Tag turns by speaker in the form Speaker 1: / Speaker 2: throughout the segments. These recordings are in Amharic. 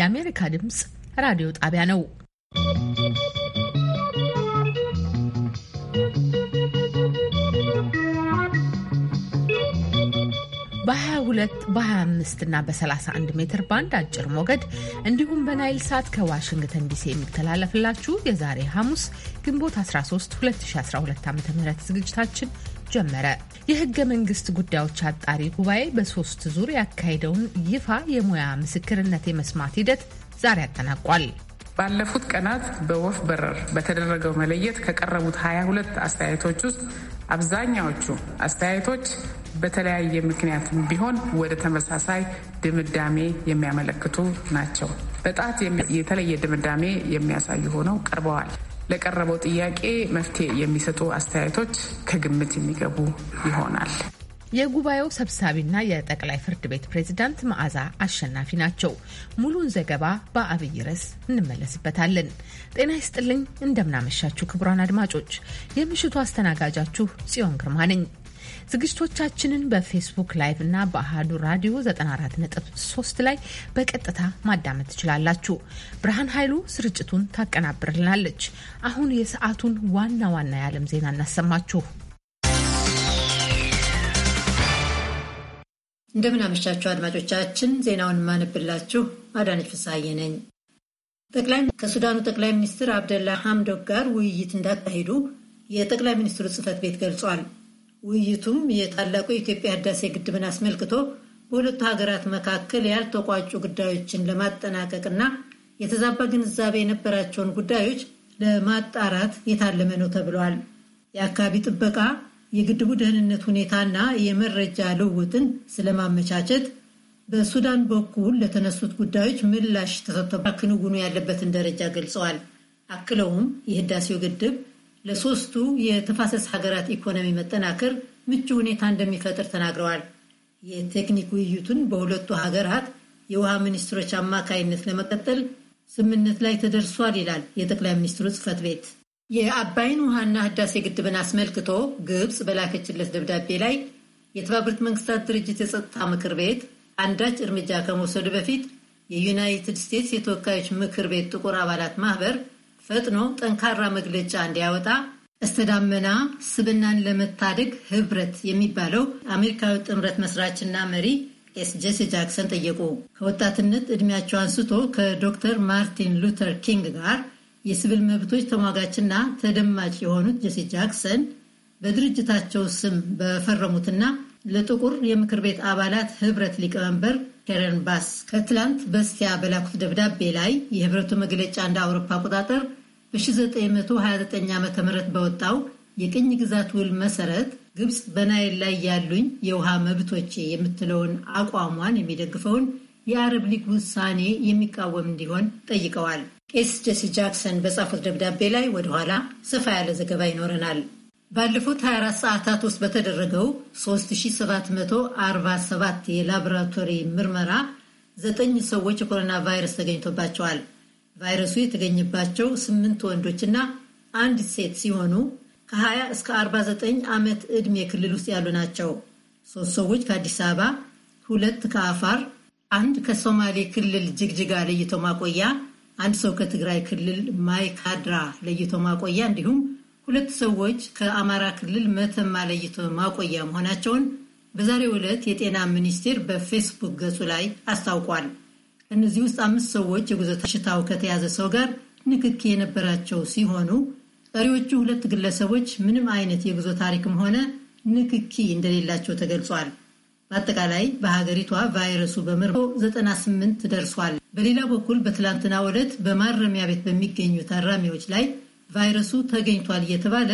Speaker 1: የአሜሪካ ድምጽ ራዲዮ ጣቢያ ነው። በ22 በ25 እና በ31 ሜትር ባንድ አጭር ሞገድ እንዲሁም በናይል ሳት ከዋሽንግተን ዲሲ የሚተላለፍላችሁ የዛሬ ሐሙስ ግንቦት 13 2012 ዓ ም ዝግጅታችን ጀመረ። የህገ መንግስት ጉዳዮች አጣሪ ጉባኤ በሶስት ዙር ያካሄደውን ይፋ የሙያ ምስክርነት የመስማት ሂደት ዛሬ አጠናቋል።
Speaker 2: ባለፉት ቀናት በወፍ በረር በተደረገው መለየት ከቀረቡት 22 አስተያየቶች ውስጥ አብዛኛዎቹ አስተያየቶች በተለያየ ምክንያት ቢሆን ወደ ተመሳሳይ ድምዳሜ የሚያመለክቱ ናቸው። በጣት የተለየ ድምዳሜ የሚያሳዩ ሆነው ቀርበዋል። ለቀረበው ጥያቄ መፍትሄ የሚሰጡ አስተያየቶች ከግምት የሚገቡ ይሆናል።
Speaker 1: የጉባኤው ሰብሳቢና የጠቅላይ ፍርድ ቤት ፕሬዝዳንት መዓዛ አሸናፊ ናቸው። ሙሉን ዘገባ በአብይ ርዕስ እንመለስበታለን። ጤና ይስጥልኝ፣ እንደምናመሻችሁ ክቡራን አድማጮች፣ የምሽቱ አስተናጋጃችሁ ጽዮን ግርማ ነኝ። ዝግጅቶቻችንን በፌስቡክ ላይቭ እና በአህዱ ራዲዮ 94.3 ላይ በቀጥታ ማዳመጥ ትችላላችሁ። ብርሃን ኃይሉ ስርጭቱን ታቀናብርልናለች። አሁን የሰዓቱን ዋና ዋና የዓለም ዜና እናሰማችሁ።
Speaker 3: አመሻችሁ አድማጮቻችን፣ ዜናውን የማነብላችሁ አዳነች ፍሳሐዬ ነኝ። ከሱዳኑ ጠቅላይ ሚኒስትር አብደላ ሐምዶክ ጋር ውይይት እንዳካሄዱ የጠቅላይ ሚኒስትሩ ጽህፈት ቤት ገልጿል። ውይይቱም የታላቁ የኢትዮጵያ ህዳሴ ግድብን አስመልክቶ በሁለቱ ሀገራት መካከል ያልተቋጩ ጉዳዮችን ለማጠናቀቅና የተዛባ ግንዛቤ የነበራቸውን ጉዳዮች ለማጣራት የታለመ ነው ተብሏል። የአካባቢ ጥበቃ፣ የግድቡ ደህንነት ሁኔታና የመረጃ ልውውጥን ስለማመቻቸት በሱዳን በኩል ለተነሱት ጉዳዮች ምላሽ ተሰጥቶ ክንውኑ ያለበትን ደረጃ ገልጸዋል። አክለውም የህዳሴው ግድብ ለሶስቱ የተፋሰስ ሀገራት ኢኮኖሚ መጠናከር ምቹ ሁኔታ እንደሚፈጥር ተናግረዋል። የቴክኒክ ውይይቱን በሁለቱ ሀገራት የውሃ ሚኒስትሮች አማካይነት ለመቀጠል ስምምነት ላይ ተደርሷል ይላል የጠቅላይ ሚኒስትሩ ጽህፈት ቤት። የአባይን ውሃና ህዳሴ ግድብን አስመልክቶ ግብፅ በላከችለት ደብዳቤ ላይ የተባበሩት መንግስታት ድርጅት የጸጥታ ምክር ቤት አንዳች እርምጃ ከመውሰዱ በፊት የዩናይትድ ስቴትስ የተወካዮች ምክር ቤት ጥቁር አባላት ማህበር ፈጥኖ ጠንካራ መግለጫ እንዲያወጣ እስተዳመና ስብናን ለመታደግ ህብረት የሚባለው አሜሪካዊ ጥምረት መስራችና መሪ ቄስ ጄሲ ጃክሰን ጠየቁ። ከወጣትነት እድሜያቸው አንስቶ ከዶክተር ማርቲን ሉተር ኪንግ ጋር የሲቪል መብቶች ተሟጋችና ተደማጭ የሆኑት ጄሲ ጃክሰን በድርጅታቸው ስም በፈረሙትና ለጥቁር የምክር ቤት አባላት ህብረት ሊቀመንበር ከረን ባስ ከትላንት በስቲያ በላኩት ደብዳቤ ላይ የህብረቱ መግለጫ እንደ አውሮፓ አቆጣጠር በ1929 ዓ ም በወጣው የቅኝ ግዛት ውል መሰረት ግብፅ በናይል ላይ ያሉኝ የውሃ መብቶቼ የምትለውን አቋሟን የሚደግፈውን የአረብ ሊግ ውሳኔ የሚቃወም እንዲሆን ጠይቀዋል። ቄስ ጄሲ ጃክሰን በጻፉት ደብዳቤ ላይ ወደኋላ ሰፋ ያለ ዘገባ ይኖረናል። ባለፉት 24 ሰዓታት ውስጥ በተደረገው 3747 የላቦራቶሪ ምርመራ ዘጠኝ ሰዎች የኮሮና ቫይረስ ተገኝቶባቸዋል። ቫይረሱ የተገኘባቸው ስምንት ወንዶችና አንድ ሴት ሲሆኑ ከ20 እስከ 49 ዓመት ዕድሜ ክልል ውስጥ ያሉ ናቸው። ሶስት ሰዎች ከአዲስ አበባ፣ ሁለት ከአፋር፣ አንድ ከሶማሌ ክልል ጅግጅጋ ለይቶ ማቆያ፣ አንድ ሰው ከትግራይ ክልል ማይካድራ ለይቶ ማቆያ እንዲሁም ሁለት ሰዎች ከአማራ ክልል መተማ ለይቶ ማቆያ መሆናቸውን በዛሬው ዕለት የጤና ሚኒስቴር በፌስቡክ ገጹ ላይ አስታውቋል። ከእነዚህ ውስጥ አምስት ሰዎች የጉዞ በሽታው ከተያዘ ሰው ጋር ንክኪ የነበራቸው ሲሆኑ ቀሪዎቹ ሁለት ግለሰቦች ምንም አይነት የጉዞ ታሪክም ሆነ ንክኪ እንደሌላቸው ተገልጿል። በአጠቃላይ በሀገሪቷ ቫይረሱ በምርመራ 98 ደርሷል። በሌላ በኩል በትላንትናው ዕለት በማረሚያ ቤት በሚገኙ ታራሚዎች ላይ ቫይረሱ ተገኝቷል እየተባለ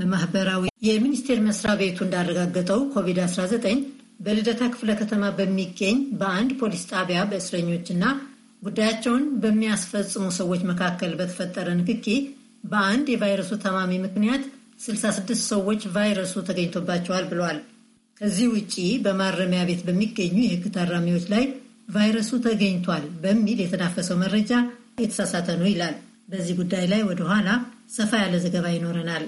Speaker 3: በማህበራዊ የሚኒስቴር መስሪያ ቤቱ እንዳረጋገጠው ኮቪድ-19 በልደታ ክፍለ ከተማ በሚገኝ በአንድ ፖሊስ ጣቢያ በእስረኞችና ጉዳያቸውን በሚያስፈጽሙ ሰዎች መካከል በተፈጠረ ንክኪ በአንድ የቫይረሱ ታማሚ ምክንያት 66 ሰዎች ቫይረሱ ተገኝቶባቸዋል ብሏል። ከዚህ ውጪ በማረሚያ ቤት በሚገኙ የሕግ ታራሚዎች ላይ ቫይረሱ ተገኝቷል በሚል የተናፈሰው መረጃ የተሳሳተ ነው ይላል። በዚህ ጉዳይ ላይ ወደኋላ ሰፋ ያለ ዘገባ ይኖረናል።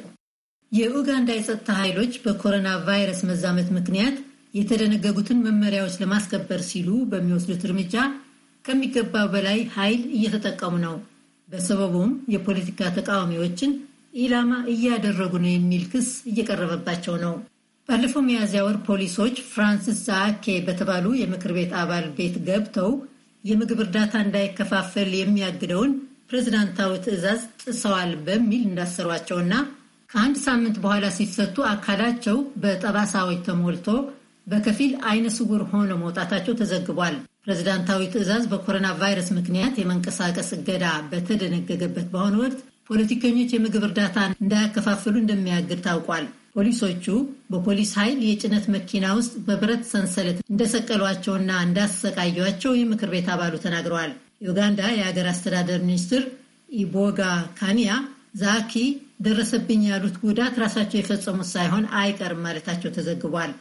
Speaker 3: የኡጋንዳ የጸጥታ ኃይሎች በኮሮና ቫይረስ መዛመት ምክንያት የተደነገጉትን መመሪያዎች ለማስከበር ሲሉ በሚወስዱት እርምጃ ከሚገባው በላይ ኃይል እየተጠቀሙ ነው፣ በሰበቡም የፖለቲካ ተቃዋሚዎችን ኢላማ እያደረጉ ነው የሚል ክስ እየቀረበባቸው ነው። ባለፈው ሚያዝያ ወር ፖሊሶች ፍራንሲስ ዛኬ በተባሉ የምክር ቤት አባል ቤት ገብተው የምግብ እርዳታ እንዳይከፋፈል የሚያግደውን ፕሬዚዳንታዊ ትዕዛዝ ጥሰዋል በሚል እንዳሰሯቸውና ከአንድ ሳምንት በኋላ ሲፈቱ አካላቸው በጠባሳዎች ተሞልቶ በከፊል አይነ ስውር ሆነው መውጣታቸው ተዘግቧል። ፕሬዚዳንታዊ ትዕዛዝ በኮሮና ቫይረስ ምክንያት የመንቀሳቀስ እገዳ በተደነገገበት በአሁኑ ወቅት ፖለቲከኞች የምግብ እርዳታ እንዳያከፋፍሉ እንደሚያግድ ታውቋል። ፖሊሶቹ በፖሊስ ኃይል የጭነት መኪና ውስጥ በብረት ሰንሰለት እንደሰቀሏቸውና እንዳሰቃያቸው የምክር ቤት አባሉ ተናግረዋል። ዩጋንዳ የሀገር አስተዳደር ሚኒስትር ኢቦጋ ካኒያ ዛኪ ደረሰብኝ ያሉት ጉዳት ራሳቸው የፈጸሙት ሳይሆን አይቀርም ማለታቸው ተዘግቧል።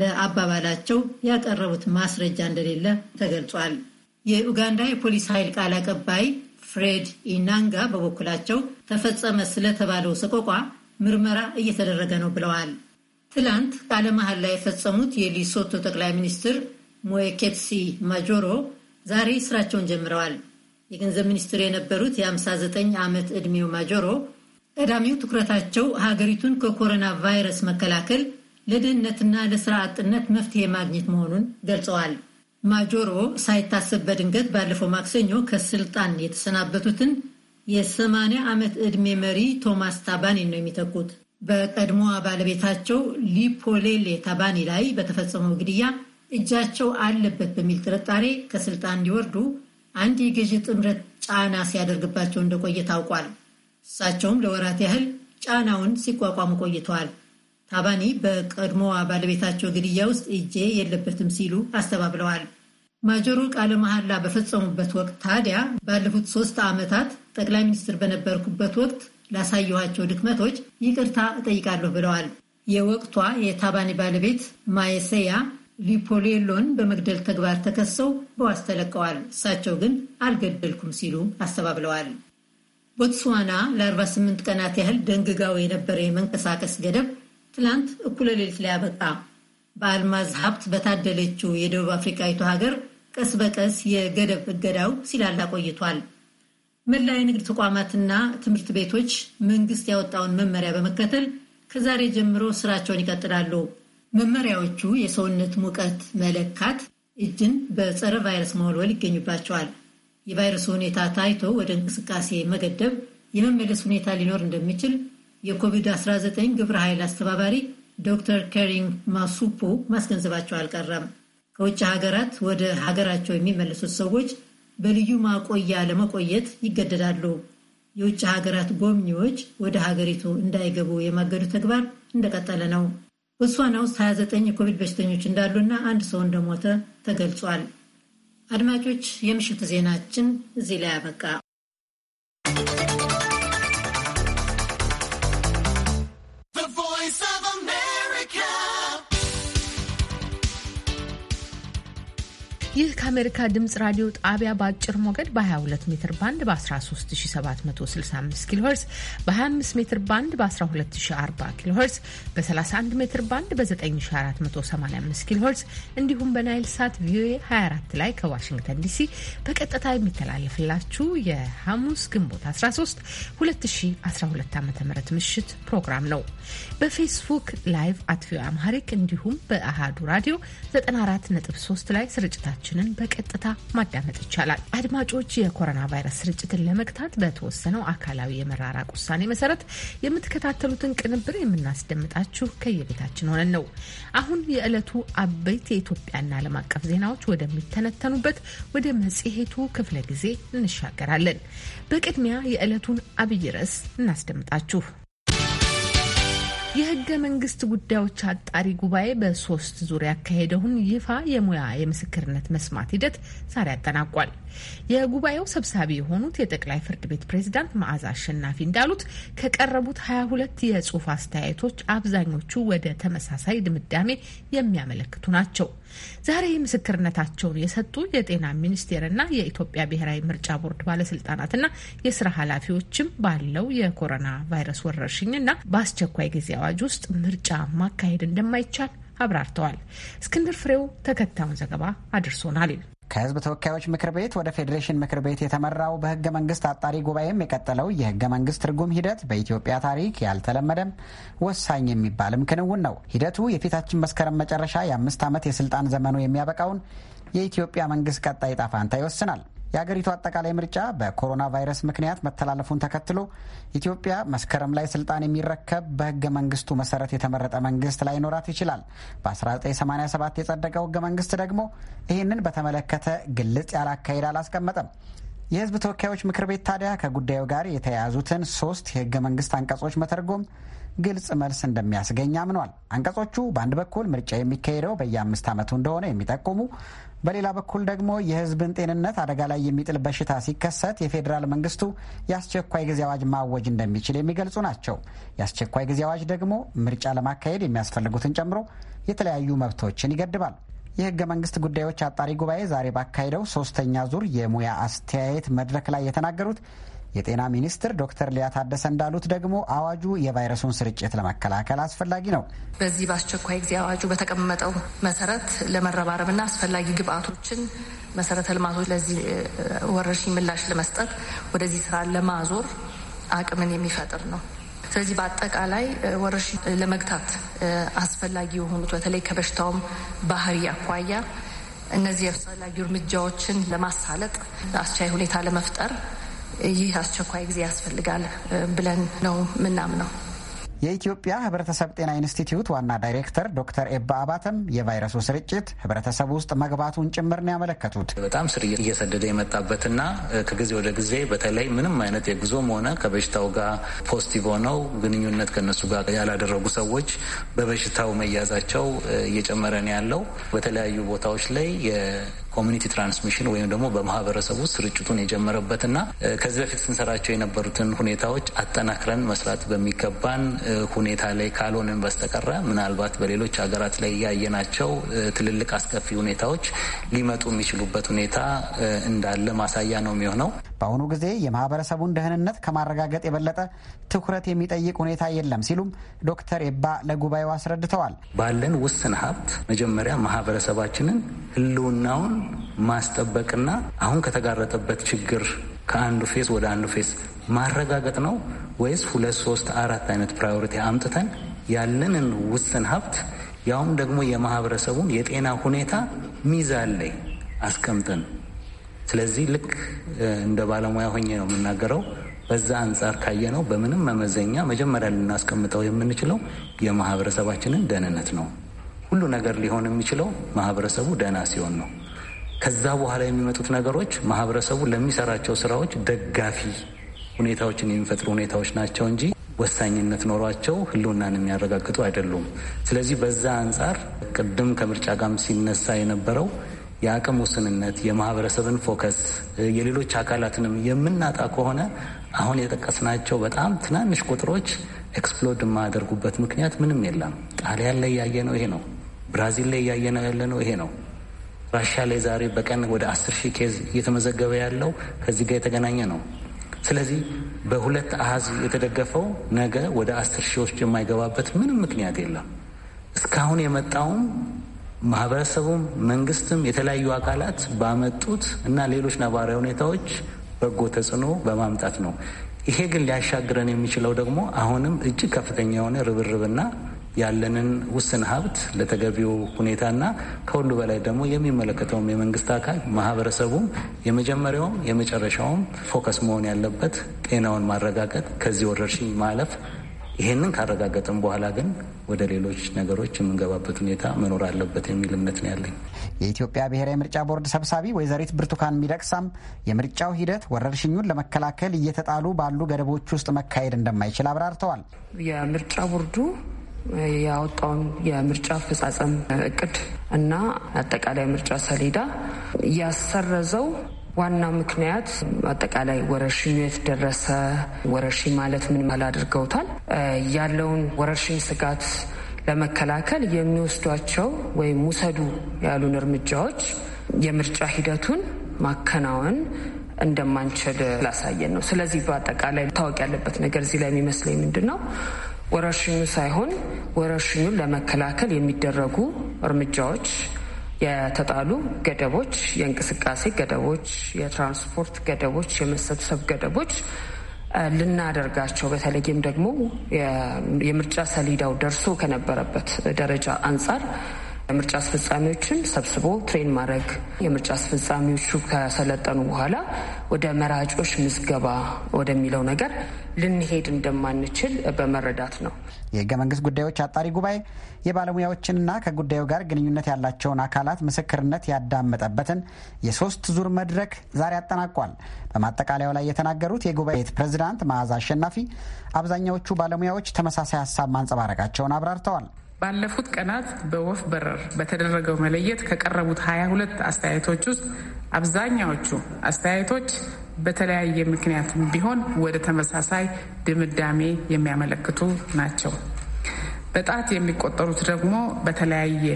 Speaker 3: ለአባባላቸው ያቀረቡት ማስረጃ እንደሌለ ተገልጿል። የኡጋንዳ የፖሊስ ኃይል ቃል አቀባይ ፍሬድ ኢናንጋ በበኩላቸው ተፈጸመ ስለተባለው ሰቆቋ ምርመራ እየተደረገ ነው ብለዋል። ትላንት ቃለ መሐላ ላይ የፈጸሙት የሊሶቶ ጠቅላይ ሚኒስትር ሞኤኬትሲ ማጆሮ ዛሬ ስራቸውን ጀምረዋል። የገንዘብ ሚኒስትር የነበሩት የ59 ዓመት ዕድሜው ማጆሮ ቀዳሚው ትኩረታቸው ሀገሪቱን ከኮሮና ቫይረስ መከላከል፣ ለድህነትና ለስራ አጥነት መፍትሄ ማግኘት መሆኑን ገልጸዋል። ማጆሮ ሳይታሰብ በድንገት ባለፈው ማክሰኞ ከስልጣን የተሰናበቱትን የ80 ዓመት ዕድሜ መሪ ቶማስ ታባኒ ነው የሚተኩት። በቀድሞዋ ባለቤታቸው ሊፖሌሌ ታባኒ ላይ በተፈጸመው ግድያ እጃቸው አለበት በሚል ጥርጣሬ ከስልጣን እንዲወርዱ አንድ የገዢ ጥምረት ጫና ሲያደርግባቸው እንደቆየ ታውቋል። እሳቸውም ለወራት ያህል ጫናውን ሲቋቋሙ ቆይተዋል። ታባኒ በቀድሞዋ ባለቤታቸው ግድያ ውስጥ እጄ የለበትም ሲሉ አስተባብለዋል። ማጆሮ ቃለ መሐላ በፈጸሙበት ወቅት ታዲያ ባለፉት ሶስት ዓመታት ጠቅላይ ሚኒስትር በነበርኩበት ወቅት ላሳየኋቸው ድክመቶች ይቅርታ እጠይቃለሁ ብለዋል። የወቅቷ የታባኒ ባለቤት ማየሰያ ቪፖሌሎን በመግደል ተግባር ተከሰው በዋስ ተለቀዋል። እሳቸው ግን አልገደልኩም ሲሉ አስተባብለዋል። ቦትስዋና ለ48 ቀናት ያህል ደንግጋው የነበረ የመንቀሳቀስ ገደብ ትላንት እኩለ ሌሊት ላይ አበቃ። በአልማዝ ሀብት በታደለችው የደቡብ አፍሪካዊቱ ሀገር ቀስ በቀስ የገደብ እገዳው ሲላላ ቆይቷል። መላ የንግድ ተቋማትና ትምህርት ቤቶች መንግስት ያወጣውን መመሪያ በመከተል ከዛሬ ጀምሮ ስራቸውን ይቀጥላሉ። መመሪያዎቹ የሰውነት ሙቀት መለካት፣ እጅን በጸረ ቫይረስ መወልወል ይገኙባቸዋል። የቫይረሱ ሁኔታ ታይቶ ወደ እንቅስቃሴ መገደብ፣ የመመለስ ሁኔታ ሊኖር እንደሚችል የኮቪድ-19 ግብረ ኃይል አስተባባሪ ዶክተር ከሪንግ ማሱፖ ማስገንዘባቸው አልቀረም። ከውጭ ሀገራት ወደ ሀገራቸው የሚመለሱት ሰዎች በልዩ ማቆያ ለመቆየት ይገደዳሉ። የውጭ ሀገራት ጎብኚዎች ወደ ሀገሪቱ እንዳይገቡ የማገዱ ተግባር እንደቀጠለ ነው። እሷን ውስጥ 29 የኮቪድ በሽተኞች እንዳሉና አንድ ሰው እንደሞተ ተገልጿል። አድማጮች፣ የምሽት ዜናችን እዚህ ላይ አበቃ።
Speaker 1: ይህ ከአሜሪካ ድምጽ ራዲዮ ጣቢያ በአጭር ሞገድ በ22 ሜትር ባንድ በ13765 ኪሎ በ25 ሜትር ባንድ በ1240 ኪሎ በ31 ሜትር ባንድ በ9485 ኪሎርስ እንዲሁም በናይል ሳት ቪኦኤ 24 ላይ ከዋሽንግተን ዲሲ በቀጥታ የሚተላለፍላችሁ የሐሙስ ግንቦት 13 2012 ዓ ም ምሽት ፕሮግራም ነው። በፌስቡክ ላይቭ አት ቪኦኤ አምሃሪክ እንዲሁም በአሃዱ ራዲዮ 943 ላይ ስርጭታችን ዝግጅታችንን በቀጥታ ማዳመጥ ይቻላል። አድማጮች፣ የኮሮና ቫይረስ ስርጭትን ለመግታት በተወሰነው አካላዊ የመራራቅ ውሳኔ መሰረት የምትከታተሉትን ቅንብር የምናስደምጣችሁ ከየቤታችን ሆነን ነው። አሁን የዕለቱ አበይት የኢትዮጵያና ዓለም አቀፍ ዜናዎች ወደሚተነተኑበት ወደ መጽሔቱ ክፍለ ጊዜ እንሻገራለን። በቅድሚያ የዕለቱን አብይ ርዕስ እናስደምጣችሁ። የህገ መንግስት ጉዳዮች አጣሪ ጉባኤ በሶስት ዙር ያካሄደውን ይፋ የሙያ የምስክርነት መስማት ሂደት ዛሬ አጠናቋል። የጉባኤው ሰብሳቢ የሆኑት የጠቅላይ ፍርድ ቤት ፕሬዝዳንት መዓዛ አሸናፊ እንዳሉት ከቀረቡት 22 የጽሁፍ አስተያየቶች አብዛኞቹ ወደ ተመሳሳይ ድምዳሜ የሚያመለክቱ ናቸው። ዛሬ ምስክርነታቸውን የሰጡ የጤና ሚኒስቴርና የኢትዮጵያ ብሔራዊ ምርጫ ቦርድ ባለስልጣናትና የስራ ኃላፊዎችም ባለው የኮሮና ቫይረስ ወረርሽኝና በአስቸኳይ ጊዜ አዋጅ ውስጥ ምርጫ ማካሄድ እንደማይቻል አብራርተዋል። እስክንድር ፍሬው
Speaker 4: ተከታዩን ዘገባ አድርሶናል። ከህዝብ ተወካዮች ምክር ቤት ወደ ፌዴሬሽን ምክር ቤት የተመራው በህገ መንግስት አጣሪ ጉባኤም የቀጠለው የህገ መንግስት ትርጉም ሂደት በኢትዮጵያ ታሪክ ያልተለመደም ወሳኝ የሚባልም ክንውን ነው። ሂደቱ የፊታችን መስከረም መጨረሻ የአምስት ዓመት የስልጣን ዘመኑ የሚያበቃውን የኢትዮጵያ መንግስት ቀጣይ ጣፋንታ ይወስናል። የአገሪቱ አጠቃላይ ምርጫ በኮሮና ቫይረስ ምክንያት መተላለፉን ተከትሎ ኢትዮጵያ መስከረም ላይ ስልጣን የሚረከብ በህገ መንግስቱ መሰረት የተመረጠ መንግስት ላይኖራት ይችላል። በ1987 የጸደቀው ህገ መንግስት ደግሞ ይህንን በተመለከተ ግልጽ ያለ አካሄድ አላስቀመጠም። የህዝብ ተወካዮች ምክር ቤት ታዲያ ከጉዳዩ ጋር የተያያዙትን ሶስት የህገ መንግስት አንቀጾች መተርጎም ግልጽ መልስ እንደሚያስገኝ አምኗል። አንቀጾቹ በአንድ በኩል ምርጫ የሚካሄደው በየአምስት ዓመቱ እንደሆነ የሚጠቁሙ በሌላ በኩል ደግሞ የሕዝብን ጤንነት አደጋ ላይ የሚጥል በሽታ ሲከሰት የፌዴራል መንግስቱ የአስቸኳይ ጊዜ አዋጅ ማወጅ እንደሚችል የሚገልጹ ናቸው። የአስቸኳይ ጊዜ አዋጅ ደግሞ ምርጫ ለማካሄድ የሚያስፈልጉትን ጨምሮ የተለያዩ መብቶችን ይገድባል። የህገ መንግስት ጉዳዮች አጣሪ ጉባኤ ዛሬ ባካሄደው ሶስተኛ ዙር የሙያ አስተያየት መድረክ ላይ የተናገሩት የጤና ሚኒስትር ዶክተር ሊያ ታደሰ እንዳሉት ደግሞ አዋጁ የቫይረሱን ስርጭት ለመከላከል አስፈላጊ ነው።
Speaker 1: በዚህ በአስቸኳይ ጊዜ አዋጁ በተቀመጠው መሰረት ለመረባረብና አስፈላጊ ግብአቶችን መሰረተ ልማቶች ለዚህ ወረርሽኝ ምላሽ ለመስጠት ወደዚህ ስራ ለማዞር አቅምን የሚፈጥር ነው። ስለዚህ በአጠቃላይ ወረርሽኝ ለመግታት አስፈላጊ የሆኑት በተለይ ከበሽታውም ባህሪ አኳያ እነዚህ አስፈላጊ እርምጃዎችን ለማሳለጥ አስቻይ ሁኔታ ለመፍጠር ይህ አስቸኳይ ጊዜ ያስፈልጋል ብለን ነው ምናምነው።
Speaker 4: የኢትዮጵያ ህብረተሰብ ጤና ኢንስቲትዩት ዋና ዳይሬክተር ዶክተር ኤባ አባተም የቫይረሱ ስርጭት ህብረተሰብ ውስጥ መግባቱን ጭምር ነው ያመለከቱት።
Speaker 5: በጣም ስር እየሰደደ የመጣበትና ከጊዜ ወደ ጊዜ በተለይ ምንም አይነት የጉዞም ሆነ ከበሽታው ጋር ፖስቲቭ ሆነው ግንኙነት ከነሱ ጋር ያላደረጉ ሰዎች በበሽታው መያዛቸው እየጨመረ ነው ያለው። በተለያዩ ቦታዎች ላይ ኮሚኒቲ ትራንስሚሽን ወይም ደግሞ በማህበረሰቡ ስርጭቱን የጀመረበትና ከዚህ በፊት ስንሰራቸው የነበሩትን ሁኔታዎች አጠናክረን መስራት በሚገባን ሁኔታ ላይ ካልሆንን በስተቀረ ምናልባት በሌሎች ሀገራት ላይ እያየናቸው ትልልቅ አስከፊ ሁኔታዎች ሊመጡ የሚችሉበት ሁኔታ እንዳለ ማሳያ ነው የሚሆነው።
Speaker 4: በአሁኑ ጊዜ የማህበረሰቡን ደህንነት ከማረጋገጥ የበለጠ ትኩረት የሚጠይቅ ሁኔታ የለም ሲሉም ዶክተር ኤባ ለጉባኤው አስረድተዋል።
Speaker 5: ባለን ውስን ሀብት መጀመሪያ ማህበረሰባችንን ህልውናውን ማስጠበቅና አሁን ከተጋረጠበት ችግር ከአንዱ ፌስ ወደ አንዱ ፌስ ማረጋገጥ ነው ወይስ ሁለት ሶስት አራት አይነት ፕራዮሪቲ አምጥተን ያለንን ውስን ሀብት ያውም ደግሞ የማህበረሰቡን የጤና ሁኔታ ሚዛን ላይ አስቀምጠን ስለዚህ ልክ እንደ ባለሙያ ሆኜ ነው የምናገረው። በዛ አንጻር ካየ ነው በምንም መመዘኛ መጀመሪያ ልናስቀምጠው የምንችለው የማህበረሰባችንን ደህንነት ነው። ሁሉ ነገር ሊሆን የሚችለው ማህበረሰቡ ደህና ሲሆን ነው። ከዛ በኋላ የሚመጡት ነገሮች ማህበረሰቡ ለሚሰራቸው ስራዎች ደጋፊ ሁኔታዎችን የሚፈጥሩ ሁኔታዎች ናቸው እንጂ ወሳኝነት ኖሯቸው ህልውናን የሚያረጋግጡ አይደሉም። ስለዚህ በዛ አንጻር ቅድም ከምርጫ ጋም ሲነሳ የነበረው የአቅም ውስንነት፣ የማህበረሰብን ፎከስ፣ የሌሎች አካላትንም የምናጣ ከሆነ አሁን የጠቀስናቸው በጣም ትናንሽ ቁጥሮች ኤክስፕሎድ የማያደርጉበት ምክንያት ምንም የለም። ጣሊያን ላይ ነው ይሄ ነው። ብራዚል ላይ እያየነው ያለነው ይሄ ነው። ራሻ ላይ ዛሬ በቀን ወደ አስር ሺህ ኬዝ እየተመዘገበ ያለው ከዚህ ጋር የተገናኘ ነው። ስለዚህ በሁለት አሃዝ የተደገፈው ነገ ወደ አስር ሺዎች የማይገባበት ምንም ምክንያት የለም። እስካሁን የመጣውም ማህበረሰቡም መንግስትም የተለያዩ አካላት ባመጡት እና ሌሎች ነባራዊ ሁኔታዎች በጎ ተጽዕኖ በማምጣት ነው። ይሄ ግን ሊያሻግረን የሚችለው ደግሞ አሁንም እጅግ ከፍተኛ የሆነ ርብርብና ያለንን ውስን ሀብት ለተገቢው ሁኔታና ከሁሉ በላይ ደግሞ የሚመለከተውም የመንግስት አካል ማህበረሰቡም የመጀመሪያውም የመጨረሻውም ፎከስ መሆን ያለበት ጤናውን ማረጋገጥ፣ ከዚህ ወረርሽኝ ማለፍ። ይሄንን ካረጋገጥም በኋላ ግን ወደ ሌሎች ነገሮች የምንገባበት ሁኔታ መኖር አለበት የሚል እምነት ነው ያለኝ።
Speaker 4: የኢትዮጵያ ብሔራዊ ምርጫ ቦርድ ሰብሳቢ ወይዘሪት ብርቱካን ሚደቅሳም የምርጫው ሂደት ወረርሽኙን ለመከላከል እየተጣሉ ባሉ ገደቦች ውስጥ መካሄድ እንደማይችል አብራርተዋል።
Speaker 6: የምርጫ ቦርዱ ያወጣውን የምርጫ አፈጻጸም
Speaker 4: እቅድ እና አጠቃላይ
Speaker 6: ምርጫ ሰሌዳ ያሰረዘው ዋናው ምክንያት አጠቃላይ ወረርሽኙ የት ደረሰ፣ ወረርሽኝ ማለት ምን ማል አድርገውታል፣ ያለውን ወረርሽኝ ስጋት ለመከላከል የሚወስዷቸው ወይም ውሰዱ ያሉን እርምጃዎች የምርጫ ሂደቱን ማከናወን እንደማንችል ላሳየን ነው። ስለዚህ በአጠቃላይ ታወቅ ያለበት ነገር እዚህ ላይ የሚመስለኝ ምንድን ነው ወረርሽኙ ሳይሆን ወረርሽኙን ለመከላከል የሚደረጉ እርምጃዎች የተጣሉ ገደቦች፣ የእንቅስቃሴ ገደቦች፣ የትራንስፖርት ገደቦች፣ የመሰብሰብ ገደቦች ልናደርጋቸው በተለይም ደግሞ የምርጫ ሰሌዳው ደርሶ ከነበረበት ደረጃ አንጻር የምርጫ አስፈጻሚዎችን ሰብስቦ ትሬን ማድረግ የምርጫ አስፈጻሚዎቹ ከሰለጠኑ በኋላ ወደ መራጮች ምዝገባ ወደሚለው ነገር ልንሄድ እንደማንችል በመረዳት
Speaker 4: ነው። የህገ መንግስት ጉዳዮች አጣሪ ጉባኤ የባለሙያዎችንና ከጉዳዩ ጋር ግንኙነት ያላቸውን አካላት ምስክርነት ያዳመጠበትን የሶስት ዙር መድረክ ዛሬ አጠናቋል። በማጠቃለያው ላይ የተናገሩት የጉባኤት ፕሬዝዳንት መዓዛ አሸናፊ አብዛኛዎቹ ባለሙያዎች ተመሳሳይ ሀሳብ ማንጸባረቃቸውን አብራርተዋል።
Speaker 2: ባለፉት ቀናት በወፍ በረር በተደረገው መለየት ከቀረቡት 2ሁለት አስተያየቶች ውስጥ አብዛኛዎቹ አስተያየቶች በተለያየ ምክንያት ቢሆን ወደ ተመሳሳይ ድምዳሜ የሚያመለክቱ ናቸው። በጣት የሚቆጠሩት ደግሞ በተለያየ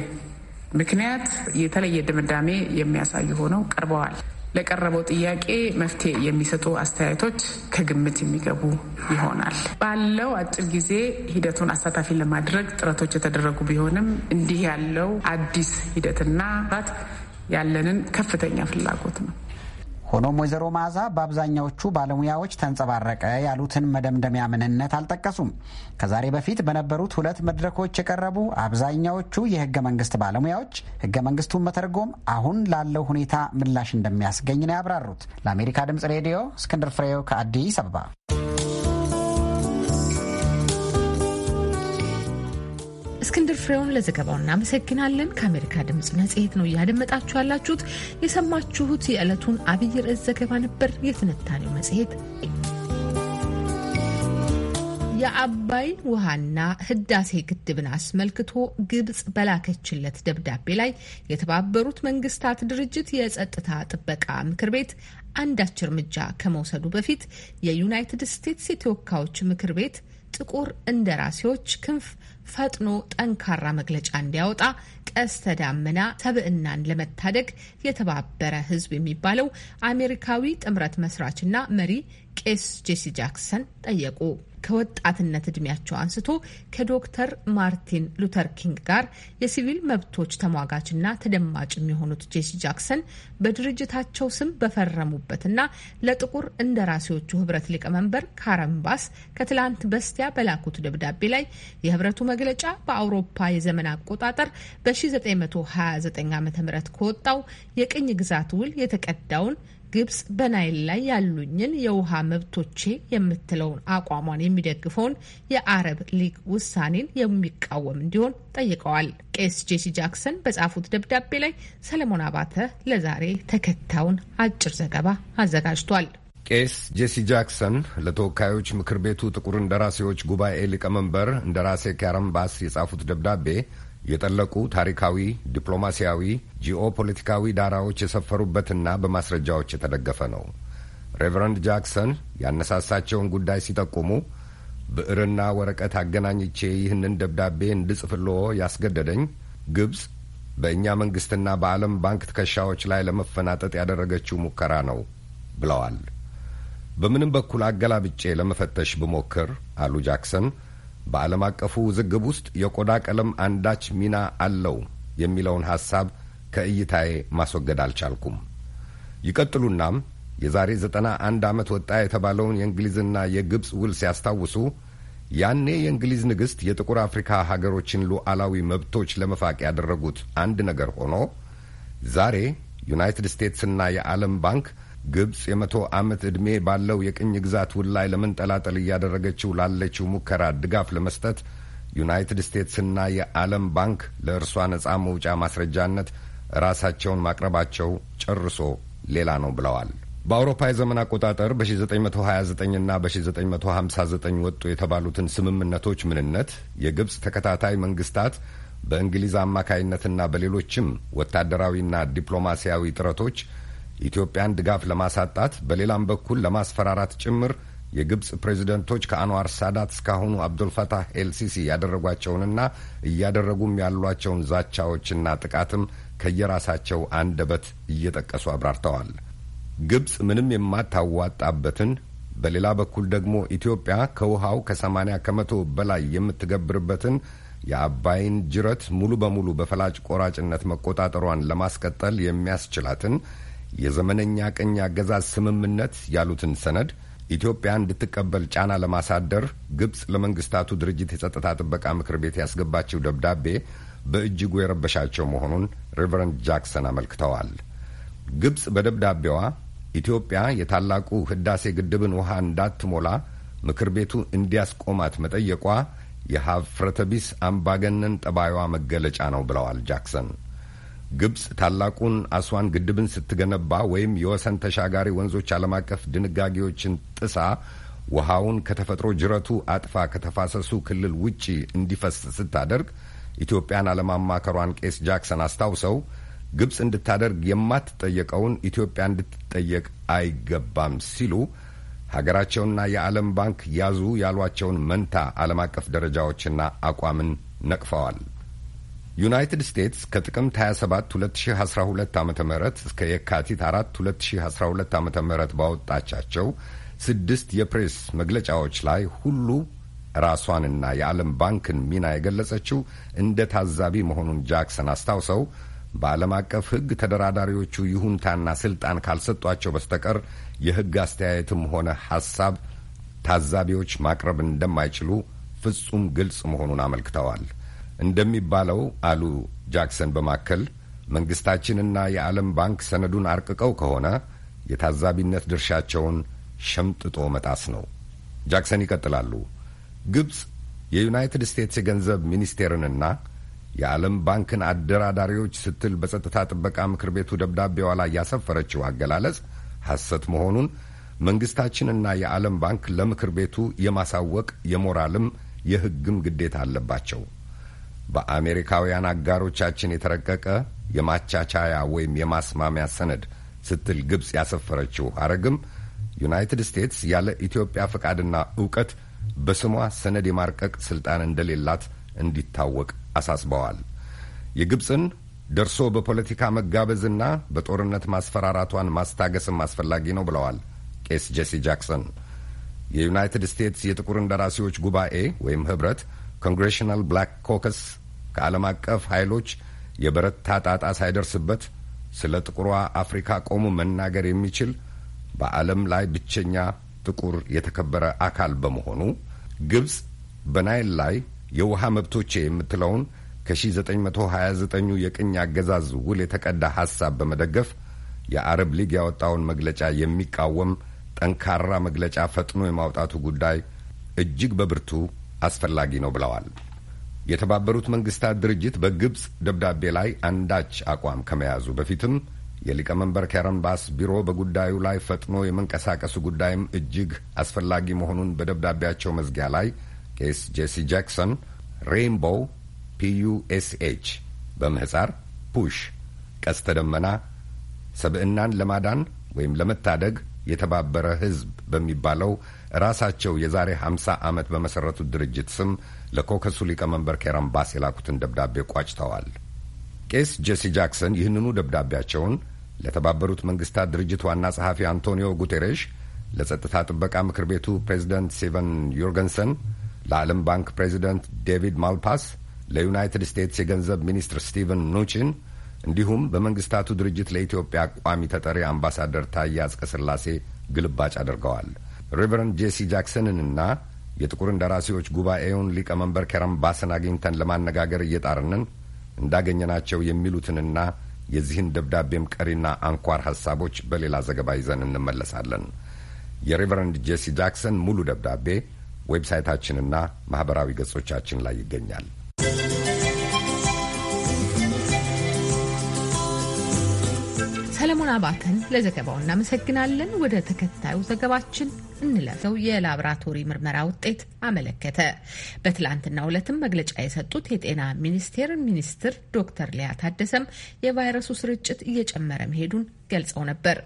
Speaker 2: ምክንያት የተለየ ድምዳሜ የሚያሳዩ ሆነው ቀርበዋል። ለቀረበው ጥያቄ መፍትሄ የሚሰጡ አስተያየቶች ከግምት የሚገቡ ይሆናል። ባለው አጭር ጊዜ ሂደቱን አሳታፊ ለማድረግ ጥረቶች የተደረጉ ቢሆንም እንዲህ ያለው አዲስ ሂደትና ራት ያለንን ከፍተኛ ፍላጎት ነው።
Speaker 4: ሆኖም ወይዘሮ መዓዛ በአብዛኛዎቹ ባለሙያዎች ተንጸባረቀ ያሉትን መደምደሚያ ምንነት አልጠቀሱም። ከዛሬ በፊት በነበሩት ሁለት መድረኮች የቀረቡ አብዛኛዎቹ የህገ መንግስት ባለሙያዎች ህገ መንግስቱን መተርጎም አሁን ላለው ሁኔታ ምላሽ እንደሚያስገኝ ነው ያብራሩት። ለአሜሪካ ድምጽ ሬዲዮ እስክንድር ፍሬው ከአዲስ አበባ
Speaker 1: እስክንድር ፍሬውን ለዘገባው እናመሰግናለን። ከአሜሪካ ድምፅ መጽሔት ነው እያደመጣችሁ ያላችሁት። የሰማችሁት የዕለቱን አብይ ርዕስ ዘገባ ነበር። የትንታኔው መጽሔት የአባይ ውሃና ህዳሴ ግድብን አስመልክቶ ግብጽ በላከችለት ደብዳቤ ላይ የተባበሩት መንግስታት ድርጅት የጸጥታ ጥበቃ ምክር ቤት አንዳች እርምጃ ከመውሰዱ በፊት የዩናይትድ ስቴትስ የተወካዮች ምክር ቤት ጥቁር እንደራሴዎች ክንፍ ፈጥኖ ጠንካራ መግለጫ እንዲያወጣ ቀስተ ዳመና ሰብዕናን ለመታደግ የተባበረ ህዝብ የሚባለው አሜሪካዊ ጥምረት መስራችና መሪ ቄስ ጄሲ ጃክሰን ጠየቁ። ከወጣትነት እድሜያቸው አንስቶ ከዶክተር ማርቲን ሉተር ኪንግ ጋር የሲቪል መብቶች ተሟጋችና ተደማጭም የሆኑት ጄሲ ጃክሰን በድርጅታቸው ስም በፈረሙበትና ለጥቁር እንደራሴዎቹ ህብረት ሊቀመንበር ካረን ባስ ከትላንት በስቲያ በላኩት ደብዳቤ ላይ የህብረቱ መግለጫ በአውሮፓ የዘመን አቆጣጠር በ1929 ዓ ም ከወጣው የቅኝ ግዛት ውል የተቀዳውን ግብጽ በናይል ላይ ያሉኝን የውሃ መብቶቼ የምትለውን አቋሟን የሚደግፈውን የአረብ ሊግ ውሳኔን የሚቃወም እንዲሆን ጠይቀዋል። ቄስ ጄሲ ጃክሰን በጻፉት ደብዳቤ ላይ ሰለሞን አባተ ለዛሬ ተከታዩን አጭር ዘገባ አዘጋጅቷል።
Speaker 7: ቄስ ጄሲ ጃክሰን ለተወካዮች ምክር ቤቱ ጥቁር እንደራሴዎች ጉባኤ ሊቀመንበር እንደራሴ ካረምባስ የጻፉት ደብዳቤ የጠለቁ ታሪካዊ፣ ዲፕሎማሲያዊ፣ ጂኦፖለቲካዊ ዳራዎች የሰፈሩበትና በማስረጃዎች የተደገፈ ነው። ሬቨረንድ ጃክሰን ያነሳሳቸውን ጉዳይ ሲጠቁሙ ብዕርና ወረቀት አገናኝቼ ይህንን ደብዳቤ እንድጽፍልዎ ያስገደደኝ ግብጽ በእኛ መንግስትና በዓለም ባንክ ትከሻዎች ላይ ለመፈናጠጥ ያደረገችው ሙከራ ነው ብለዋል። በምንም በኩል አገላብጬ ለመፈተሽ ብሞክር አሉ ጃክሰን በዓለም አቀፉ ውዝግብ ውስጥ የቆዳ ቀለም አንዳች ሚና አለው የሚለውን ሐሳብ ከእይታዬ ማስወገድ አልቻልኩም። ይቀጥሉናም የዛሬ ዘጠና አንድ ዓመት ወጣ የተባለውን የእንግሊዝና የግብፅ ውል ሲያስታውሱ ያኔ የእንግሊዝ ንግሥት የጥቁር አፍሪካ ሀገሮችን ሉዓላዊ መብቶች ለመፋቅ ያደረጉት አንድ ነገር ሆኖ ዛሬ ዩናይትድ ስቴትስና የዓለም ባንክ ግብፅ የመቶ ዓመት ዕድሜ ባለው የቅኝ ግዛት ውል ላይ ለመንጠላጠል እያደረገችው ላለችው ሙከራ ድጋፍ ለመስጠት ዩናይትድ ስቴትስና የዓለም ባንክ ለእርሷ ነፃ መውጫ ማስረጃነት ራሳቸውን ማቅረባቸው ጨርሶ ሌላ ነው ብለዋል። በአውሮፓ የዘመን አቆጣጠር በ1929ና በ1959 ወጡ የተባሉትን ስምምነቶች ምንነት የግብፅ ተከታታይ መንግስታት በእንግሊዝ አማካይነትና በሌሎችም ወታደራዊና ዲፕሎማሲያዊ ጥረቶች ኢትዮጵያን ድጋፍ ለማሳጣት በሌላም በኩል ለማስፈራራት ጭምር የግብፅ ፕሬዚደንቶች ከአንዋር ሳዳት እስካሁኑ አብዱልፈታህ ኤልሲሲ ያደረጓቸውንና እያደረጉም ያሏቸውን ዛቻዎችና ጥቃትም ከየራሳቸው አንደበት እየጠቀሱ አብራርተዋል። ግብፅ ምንም የማታዋጣበትን በሌላ በኩል ደግሞ ኢትዮጵያ ከውሃው ከሰማንያ ከመቶ በላይ የምትገብርበትን የአባይን ጅረት ሙሉ በሙሉ በፈላጭ ቆራጭነት መቆጣጠሯን ለማስቀጠል የሚያስችላትን የዘመነኛ ቅኝ አገዛዝ ስምምነት ያሉትን ሰነድ ኢትዮጵያ እንድትቀበል ጫና ለማሳደር ግብፅ ለመንግስታቱ ድርጅት የጸጥታ ጥበቃ ምክር ቤት ያስገባችው ደብዳቤ በእጅጉ የረበሻቸው መሆኑን ሬቨረንድ ጃክሰን አመልክተዋል። ግብፅ በደብዳቤዋ ኢትዮጵያ የታላቁ ህዳሴ ግድብን ውሃ እንዳትሞላ ምክር ቤቱ እንዲያስቆማት መጠየቋ የሀፍረተቢስ አምባገነን ጠባዩዋ መገለጫ ነው ብለዋል ጃክሰን። ግብፅ ታላቁን አስዋን ግድብን ስትገነባ ወይም የወሰን ተሻጋሪ ወንዞች ዓለም አቀፍ ድንጋጌዎችን ጥሳ ውሃውን ከተፈጥሮ ጅረቱ አጥፋ ከተፋሰሱ ክልል ውጪ እንዲፈስ ስታደርግ ኢትዮጵያን አለማማከሯን ቄስ ጃክሰን አስታውሰው ግብፅ እንድታደርግ የማትጠየቀውን ኢትዮጵያ እንድትጠየቅ አይገባም ሲሉ ሀገራቸውና የዓለም ባንክ ያዙ ያሏቸውን መንታ ዓለም አቀፍ ደረጃዎችና አቋምን ነቅፈዋል። ዩናይትድ ስቴትስ ከጥቅምት 27 2012 ዓ ም እስከ የካቲት 4 2012 ዓ ም ባወጣቻቸው ስድስት የፕሬስ መግለጫዎች ላይ ሁሉ ራሷንና የዓለም ባንክን ሚና የገለጸችው እንደ ታዛቢ መሆኑን ጃክሰን አስታውሰው በዓለም አቀፍ ሕግ ተደራዳሪዎቹ ይሁንታና ስልጣን ካልሰጧቸው በስተቀር የሕግ አስተያየትም ሆነ ሐሳብ ታዛቢዎች ማቅረብ እንደማይችሉ ፍጹም ግልጽ መሆኑን አመልክተዋል። እንደሚባለው አሉ ጃክሰን በማከል መንግስታችንና የዓለም ባንክ ሰነዱን አርቅቀው ከሆነ የታዛቢነት ድርሻቸውን ሸምጥጦ መጣስ ነው። ጃክሰን ይቀጥላሉ። ግብፅ የዩናይትድ ስቴትስ የገንዘብ ሚኒስቴርንና የዓለም ባንክን አደራዳሪዎች ስትል በጸጥታ ጥበቃ ምክር ቤቱ ደብዳቤዋ ላይ ያሰፈረችው አገላለጽ ሐሰት መሆኑን መንግስታችንና የዓለም ባንክ ለምክር ቤቱ የማሳወቅ የሞራልም የሕግም ግዴታ አለባቸው። በአሜሪካውያን አጋሮቻችን የተረቀቀ የማቻቻያ ወይም የማስማሚያ ሰነድ ስትል ግብጽ ያሰፈረችው ሐረግም ዩናይትድ ስቴትስ ያለ ኢትዮጵያ ፈቃድና እውቀት በስሟ ሰነድ የማርቀቅ ስልጣን እንደሌላት እንዲታወቅ አሳስበዋል። የግብጽን ደርሶ በፖለቲካ መጋበዝና በጦርነት ማስፈራራቷን ማስታገስም አስፈላጊ ነው ብለዋል ቄስ ጄሲ ጃክሰን። የዩናይትድ ስቴትስ የጥቁር እንደራሴዎች ጉባኤ ወይም ህብረት ኮንግሬሽናል ብላክ ኮከስ ከዓለም አቀፍ ኃይሎች የበረታ ጣጣ ሳይደርስበት ስለ ጥቁሯ አፍሪካ ቆሞ መናገር የሚችል በዓለም ላይ ብቸኛ ጥቁር የተከበረ አካል በመሆኑ ግብፅ በናይል ላይ የውሃ መብቶቼ የምትለውን ከ1929ኙ የቅኝ አገዛዝ ውል የተቀዳ ሐሳብ በመደገፍ የአረብ ሊግ ያወጣውን መግለጫ የሚቃወም ጠንካራ መግለጫ ፈጥኖ የማውጣቱ ጉዳይ እጅግ በብርቱ አስፈላጊ ነው ብለዋል። የተባበሩት መንግስታት ድርጅት በግብፅ ደብዳቤ ላይ አንዳች አቋም ከመያዙ በፊትም የሊቀመንበር ካረን ባስ ቢሮ በጉዳዩ ላይ ፈጥኖ የመንቀሳቀሱ ጉዳይም እጅግ አስፈላጊ መሆኑን በደብዳቤያቸው መዝጊያ ላይ ቄስ ጄሲ ጃክሰን ሬይንቦው ፒዩኤስኤች በምህፃር ፑሽ ቀስተ ደመና ሰብዕናን ለማዳን ወይም ለመታደግ የተባበረ ህዝብ በሚባለው ራሳቸው የዛሬ 50 ዓመት በመሠረቱት ድርጅት ስም ለኮከሱ ሊቀመንበር ኬረን ባስ የላኩትን ደብዳቤ ቋጭተዋል። ቄስ ጄሲ ጃክሰን ይህንኑ ደብዳቤያቸውን ለተባበሩት መንግስታት ድርጅት ዋና ጸሐፊ አንቶኒዮ ጉቴሬሽ፣ ለጸጥታ ጥበቃ ምክር ቤቱ ፕሬዚደንት ሲቨን ዩርገንሰን፣ ለዓለም ባንክ ፕሬዚደንት ዴቪድ ማልፓስ፣ ለዩናይትድ ስቴትስ የገንዘብ ሚኒስትር ስቲቨን ኑቺን እንዲሁም በመንግስታቱ ድርጅት ለኢትዮጵያ ቋሚ ተጠሪ አምባሳደር ታዬ አጽቀሥላሴ ግልባጭ አድርገዋል። ሬቨረንድ ጄሲ ጃክሰንንና የጥቁር እንደራሴዎች ጉባኤውን ሊቀመንበር ከረም ባስን አግኝተን ለማነጋገር እየጣርንን እንዳገኘናቸው የሚሉትንና የዚህን ደብዳቤም ቀሪና አንኳር ሀሳቦች በሌላ ዘገባ ይዘን እንመለሳለን። የሬቨረንድ ጄሲ ጃክሰን ሙሉ ደብዳቤ ዌብሳይታችንና ማኅበራዊ ገጾቻችን ላይ ይገኛል።
Speaker 1: ሰለሞን አባተን ለዘገባው እናመሰግናለን። ወደ ተከታዩ ዘገባችን እንለፈው የላብራቶሪ ምርመራ ውጤት አመለከተ። በትላንትናው ዕለትም መግለጫ የሰጡት የጤና ሚኒስቴር ሚኒስትር ዶክተር ሊያ ታደሰም የቫይረሱ ስርጭት እየጨመረ መሄዱን ገልጸው ነበር።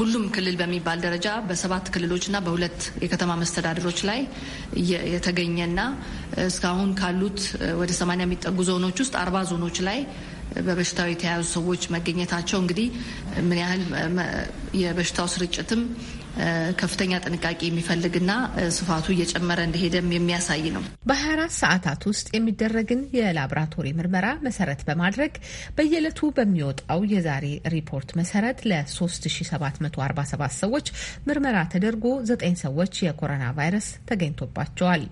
Speaker 1: ሁሉም ክልል በሚባል ደረጃ በሰባት ክልሎችና በሁለት የከተማ መስተዳድሮች ላይ የተገኘና እስካሁን ካሉት ወደ ሰማንያ የሚጠጉ ዞኖች ውስጥ አርባ ዞኖች ላይ በበሽታው የተያዙ ሰዎች መገኘታቸው እንግዲህ ምን ያህል የበሽታው ስርጭትም ከፍተኛ ጥንቃቄ የሚፈልግና ስፋቱ እየጨመረ እንደሄደም የሚያሳይ ነው። በ24 ሰዓታት ውስጥ የሚደረግን የላብራቶሪ ምርመራ መሰረት በማድረግ በየዕለቱ በሚወጣው የዛሬ ሪፖርት መሰረት ለ3747 ሰዎች ምርመራ ተደርጎ 9 ሰዎች የኮሮና ቫይረስ ተገኝቶባቸዋል።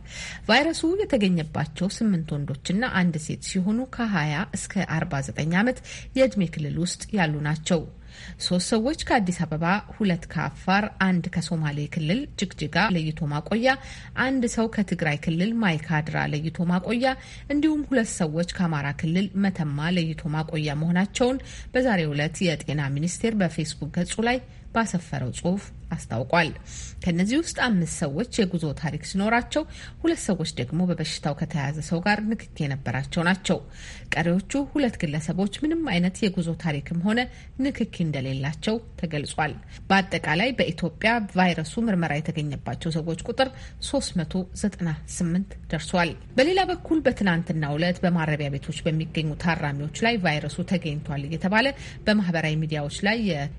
Speaker 1: ቫይረሱ የተገኘባቸው ስምንት ወንዶችና አንድ ሴት ሲሆኑ ከ20 እስከ 49 ዓመት የዕድሜ ክልል ውስጥ ያሉ ናቸው። ሶስት ሰዎች ከአዲስ አበባ፣ ሁለት ከአፋር፣ አንድ ከሶማሌ ክልል ጅግጅጋ ለይቶ ማቆያ፣ አንድ ሰው ከትግራይ ክልል ማይካድራ ለይቶ ማቆያ እንዲሁም ሁለት ሰዎች ከአማራ ክልል መተማ ለይቶ ማቆያ መሆናቸውን በዛሬው ዕለት የጤና ሚኒስቴር በፌስቡክ ገጹ ላይ ባሰፈረው ጽሁፍ አስታውቋል። ከእነዚህ ውስጥ አምስት ሰዎች የጉዞ ታሪክ ሲኖራቸው፣ ሁለት ሰዎች ደግሞ በበሽታው ከተያያዘ ሰው ጋር ንክኪ የነበራቸው ናቸው። ቀሪዎቹ ሁለት ግለሰቦች ምንም አይነት የጉዞ ታሪክም ሆነ ንክኪ እንደሌላቸው ተገልጿል። በአጠቃላይ በኢትዮጵያ ቫይረሱ ምርመራ የተገኘባቸው ሰዎች ቁጥር 398 ደርሷል። በሌላ በኩል በትናንትናው ዕለት በማረቢያ ቤቶች በሚገኙ ታራሚዎች ላይ ቫይረሱ ተገኝቷል እየተባለ በማህበራዊ ሚዲያዎች ላይ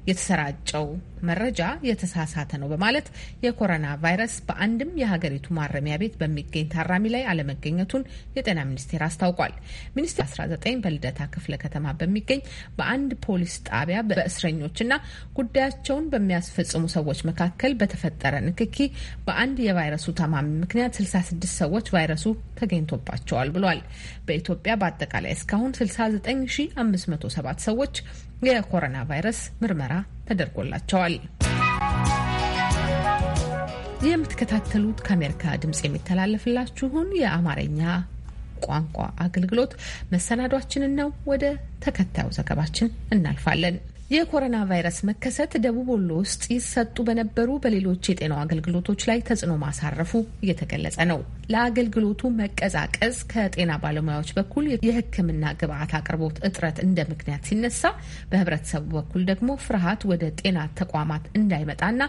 Speaker 1: የተሰራጨው መረጃ የተሳ የተሳሳተ ነው በማለት የኮሮና ቫይረስ በአንድም የሀገሪቱ ማረሚያ ቤት በሚገኝ ታራሚ ላይ አለመገኘቱን የጤና ሚኒስቴር አስታውቋል። ሚኒስቴር 19 በልደታ ክፍለ ከተማ በሚገኝ በአንድ ፖሊስ ጣቢያ በእስረኞችና ጉዳያቸውን በሚያስፈጽሙ ሰዎች መካከል በተፈጠረ ንክኪ በአንድ የቫይረሱ ታማሚ ምክንያት 66 ሰዎች ቫይረሱ ተገኝቶባቸዋል ብሏል። በኢትዮጵያ በአጠቃላይ እስካሁን 69507 ሰዎች የኮሮና ቫይረስ ምርመራ ተደርጎላቸዋል። የምትከታተሉት ከአሜሪካ ድምፅ የሚተላለፍላችሁን የአማርኛ ቋንቋ አገልግሎት መሰናዷችንን ነው። ወደ ተከታዩ ዘገባችን እናልፋለን። የኮሮና ቫይረስ መከሰት ደቡብ ወሎ ውስጥ ይሰጡ በነበሩ በሌሎች የጤና አገልግሎቶች ላይ ተጽዕኖ ማሳረፉ እየተገለጸ ነው። ለአገልግሎቱ መቀዛቀዝ ከጤና ባለሙያዎች በኩል የሕክምና ግብአት አቅርቦት እጥረት እንደ ምክንያት ሲነሳ፣ በህብረተሰቡ በኩል ደግሞ ፍርሃት ወደ ጤና ተቋማት እንዳይመጣና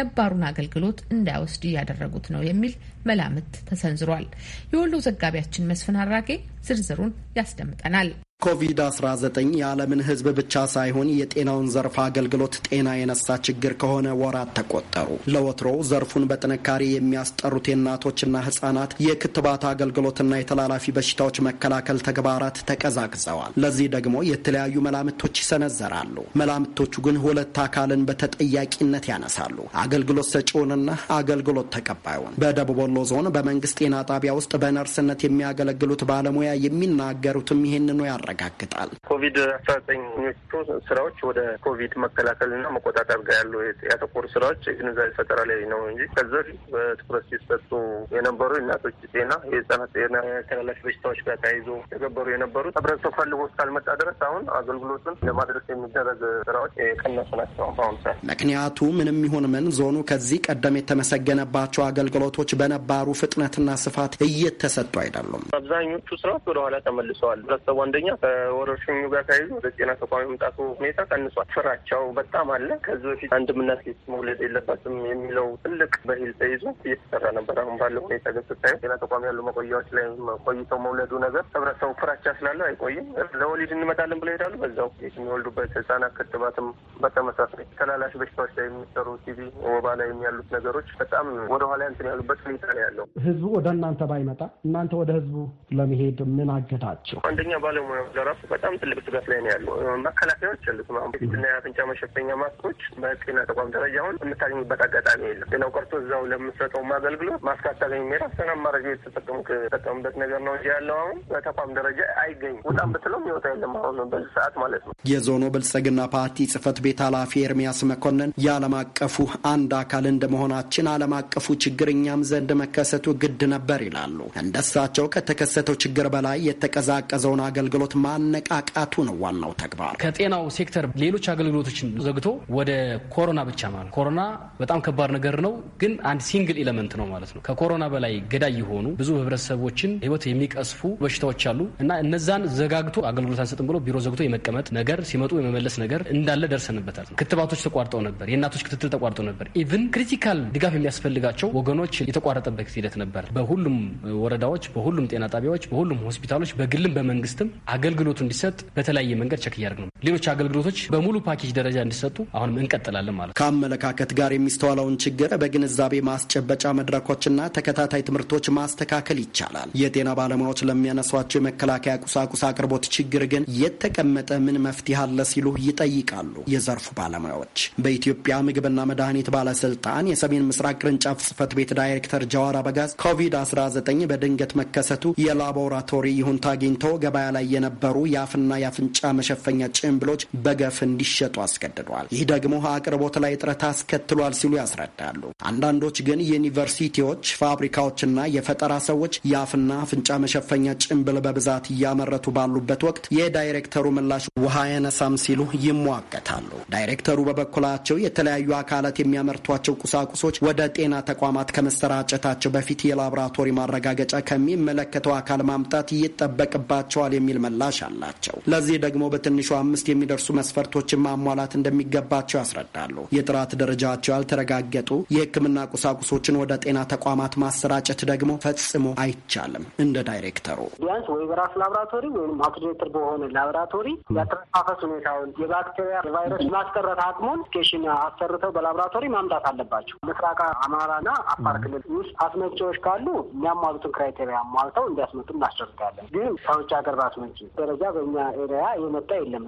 Speaker 1: ነባሩን አገልግሎት እንዳይወስድ እያደረጉት ነው የሚል መላምት ተሰንዝሯል። የወሎ ዘጋቢያችን መስፍን አራጌ ዝርዝሩን ያስደምጠናል።
Speaker 8: ኮቪድ-19 የዓለምን ሕዝብ ብቻ ሳይሆን የጤናውን ዘርፍ አገልግሎት ጤና የነሳ ችግር ከሆነ ወራት ተቆጠሩ። ለወትሮ ዘርፉን በጥንካሬ የሚያስጠሩት የእናቶችና ህጻናት የክትባት አገልግሎትና የተላላፊ በሽታዎች መከላከል ተግባራት ተቀዛቅዘዋል። ለዚህ ደግሞ የተለያዩ መላምቶች ይሰነዘራሉ። መላምቶቹ ግን ሁለት አካልን በተጠያቂነት ያነሳሉ፣ አገልግሎት ሰጪውንና አገልግሎት ተቀባዩን። በደቡብ ወሎ ዞን በመንግስት ጤና ጣቢያ ውስጥ በነርስነት የሚያገለግሉት ባለሙያ የሚናገሩትም ይህንኑ ያራ ያረጋግጣል።
Speaker 9: ኮቪድ አስራ ዘጠኞቹ ስራዎች ወደ ኮቪድ መከላከልና መቆጣጠር ጋር ያሉ ያተኮሩ ስራዎች ግንዛቤ ፈጠራ ላይ ነው እንጂ ከዚ በትኩረት ሲሰጡ የነበሩ እናቶች ጤና፣ የህጻናት ጤና፣ ተላላፊ በሽታዎች ጋር ተያይዞ የገበሩ የነበሩት ህብረተሰብ ፈልጎ እስካልመጣ ድረስ አሁን አገልግሎቱን ለማድረስ የሚደረግ ስራዎች የቀነሱ ናቸው። በአሁኑ ሰዓት
Speaker 8: ምክንያቱ ምንም ይሁን ምን ዞኑ ከዚህ ቀደም የተመሰገነባቸው አገልግሎቶች በነባሩ ፍጥነትና ስፋት እየተሰጡ አይደሉም።
Speaker 9: አብዛኞቹ ስራዎች ወደኋላ ተመልሰዋል። ህብረተሰቡ አንደኛ ከወረርሽኙ ጋር ተያይዞ ወደ ጤና ተቋም የመምጣቱ ሁኔታ ቀንሷል። ፍራቻው በጣም አለ። ከዚህ በፊት አንድም እናት ሴት መውለድ የለባትም የሚለው ትልቅ በሂል ተይዞ እየተሰራ ነበር። አሁን ባለው ሁኔታ ግን ስታዩ ጤና ተቋም ያሉ መቆያዎች ላይ ቆይተው መውለዱ ነገር ህብረተሰቡ ፍራቻ ስላለው አይቆይም። ለወሊድ እንመጣለን ብለው ይሄዳሉ። በዛው የሚወልዱበት ህጻናት ክትባትም በተመሳሳይ ተላላሽ በሽታዎች ላይ የሚሰሩ ቲቪ፣ ወባ ላይ ያሉት ነገሮች በጣም ወደኋላ እንትን ያሉበት ሁኔታ ነው ያለው።
Speaker 8: ህዝቡ ወደ እናንተ ባይመጣ እናንተ ወደ ህዝቡ ለመሄድ ምን አገዳቸው?
Speaker 9: አንደኛ ባለሙያ ለራሱ በጣም ትልቅ ስጋት ላይ ነው ያሉ መከላከያዎች ያሉት ፊትና የአፍንጫ መሸፈኛ ማስኮች በጤና ተቋም ደረጃ አሁን የምታገኝበት አጋጣሚ የለም። ሌላው ቀርቶ እዛው ለምሰጠውም አገልግሎት ማስክ አታገኝ። የራስን አማራጭ ተጠቀሙበት ነገር ነው እንጂ
Speaker 8: ያለው አሁን በተቋም ደረጃ አይገኝም። በጣም ብትለው ሚወጣ የለም አሁን በዚህ ሰዓት ማለት ነው። የዞኑ ብልጽግና ፓርቲ ጽህፈት ቤት ኃላፊ ኤርሚያስ መኮንን የዓለም አቀፉ አንድ አካል እንደመሆናችን ዓለም አቀፉ ችግር እኛም ዘንድ መከሰቱ ግድ ነበር ይላሉ። እንደሳቸው ከተከሰተው ችግር በላይ የተቀዛቀዘውን አገልግሎት ማነቃቃቱ ነው ዋናው ተግባር።
Speaker 10: ከጤናው ሴክተር ሌሎች አገልግሎቶችን ዘግቶ ወደ ኮሮና ብቻ ማለት ኮሮና በጣም ከባድ ነገር ነው፣ ግን አንድ ሲንግል ኤለመንት ነው ማለት ነው። ከኮሮና በላይ ገዳይ የሆኑ ብዙ ህብረተሰቦችን ህይወት የሚቀስፉ በሽታዎች አሉ እና እነዛን ዘጋግቶ አገልግሎት አንሰጥም ብሎ ቢሮ ዘግቶ የመቀመጥ ነገር፣ ሲመጡ የመመለስ ነገር እንዳለ ደርሰንበታል። ክትባቶች ተቋርጠው ነበር። የእናቶች ክትትል ተቋርጠው ነበር። ኢቭን ክሪቲካል ድጋፍ የሚያስፈልጋቸው ወገኖች የተቋረጠበት ሂደት ነበር። በሁሉም ወረዳዎች፣ በሁሉም ጤና ጣቢያዎች፣ በሁሉም ሆስፒታሎች፣ በግልም በመንግስትም አገ አገልግሎቱ እንዲሰጥ በተለያየ መንገድ ቸክ እያደረግ ነው። ሌሎች አገልግሎቶች በሙሉ ፓኬጅ
Speaker 8: ደረጃ እንዲሰጡ አሁንም እንቀጥላለን ማለት ነው። ከአመለካከት ጋር የሚስተዋለውን ችግር በግንዛቤ ማስጨበጫ መድረኮችና ተከታታይ ትምህርቶች ማስተካከል ይቻላል። የጤና ባለሙያዎች ለሚያነሷቸው የመከላከያ ቁሳቁስ አቅርቦት ችግር ግን የተቀመጠ ምን መፍትሄ አለ ሲሉ ይጠይቃሉ የዘርፉ ባለሙያዎች። በኢትዮጵያ ምግብና መድኃኒት ባለስልጣን የሰሜን ምስራቅ ቅርንጫፍ ጽህፈት ቤት ዳይሬክተር ጀዋር አበጋዝ ኮቪድ-19 በድንገት መከሰቱ የላቦራቶሪ ይሁንታ አግኝቶ ገበያ ላይ የነበ የነበሩ የአፍና የአፍንጫ መሸፈኛ ጭንብሎች በገፍ እንዲሸጡ አስገድዷል። ይህ ደግሞ አቅርቦት ላይ እጥረት አስከትሏል ሲሉ ያስረዳሉ። አንዳንዶች ግን ዩኒቨርሲቲዎች፣ ፋብሪካዎችና የፈጠራ ሰዎች የአፍና አፍንጫ መሸፈኛ ጭንብል በብዛት እያመረቱ ባሉበት ወቅት የዳይሬክተሩ ምላሽ ውሃ አያነሳም ሲሉ ይሟገታሉ። ዳይሬክተሩ በበኩላቸው የተለያዩ አካላት የሚያመርቷቸው ቁሳቁሶች ወደ ጤና ተቋማት ከመሰራጨታቸው በፊት የላቦራቶሪ ማረጋገጫ ከሚመለከተው አካል ማምጣት ይጠበቅባቸዋል የሚል መላ ምላሽ አላቸው። ለዚህ ደግሞ በትንሹ አምስት የሚደርሱ መስፈርቶችን ማሟላት እንደሚገባቸው ያስረዳሉ። የጥራት ደረጃቸው ያልተረጋገጡ የሕክምና ቁሳቁሶችን ወደ ጤና ተቋማት ማሰራጨት ደግሞ ፈጽሞ አይቻልም። እንደ ዳይሬክተሩ
Speaker 9: ቢያንስ ወይ በራስ ላብራቶሪ ወይም አክሬዲትድ በሆነ ላብራቶሪ ያተነፋፈስ ሁኔታውን የባክቴሪያ ቫይረስ ማስቀረት አቅሙን ኬሽን አሰርተው በላብራቶሪ ማምጣት አለባቸው። ምስራቅ አማራና አፋር ክልል ውስጥ አስመጪዎች ካሉ የሚያሟሉትን ክራይቴሪያ አሟልተው እንዲያስመጡ እናስደርጋለን። ግን ከውጭ ሀገር በአስመጪ ደረጃ በእኛ ኤሪያ የመጣ የለም።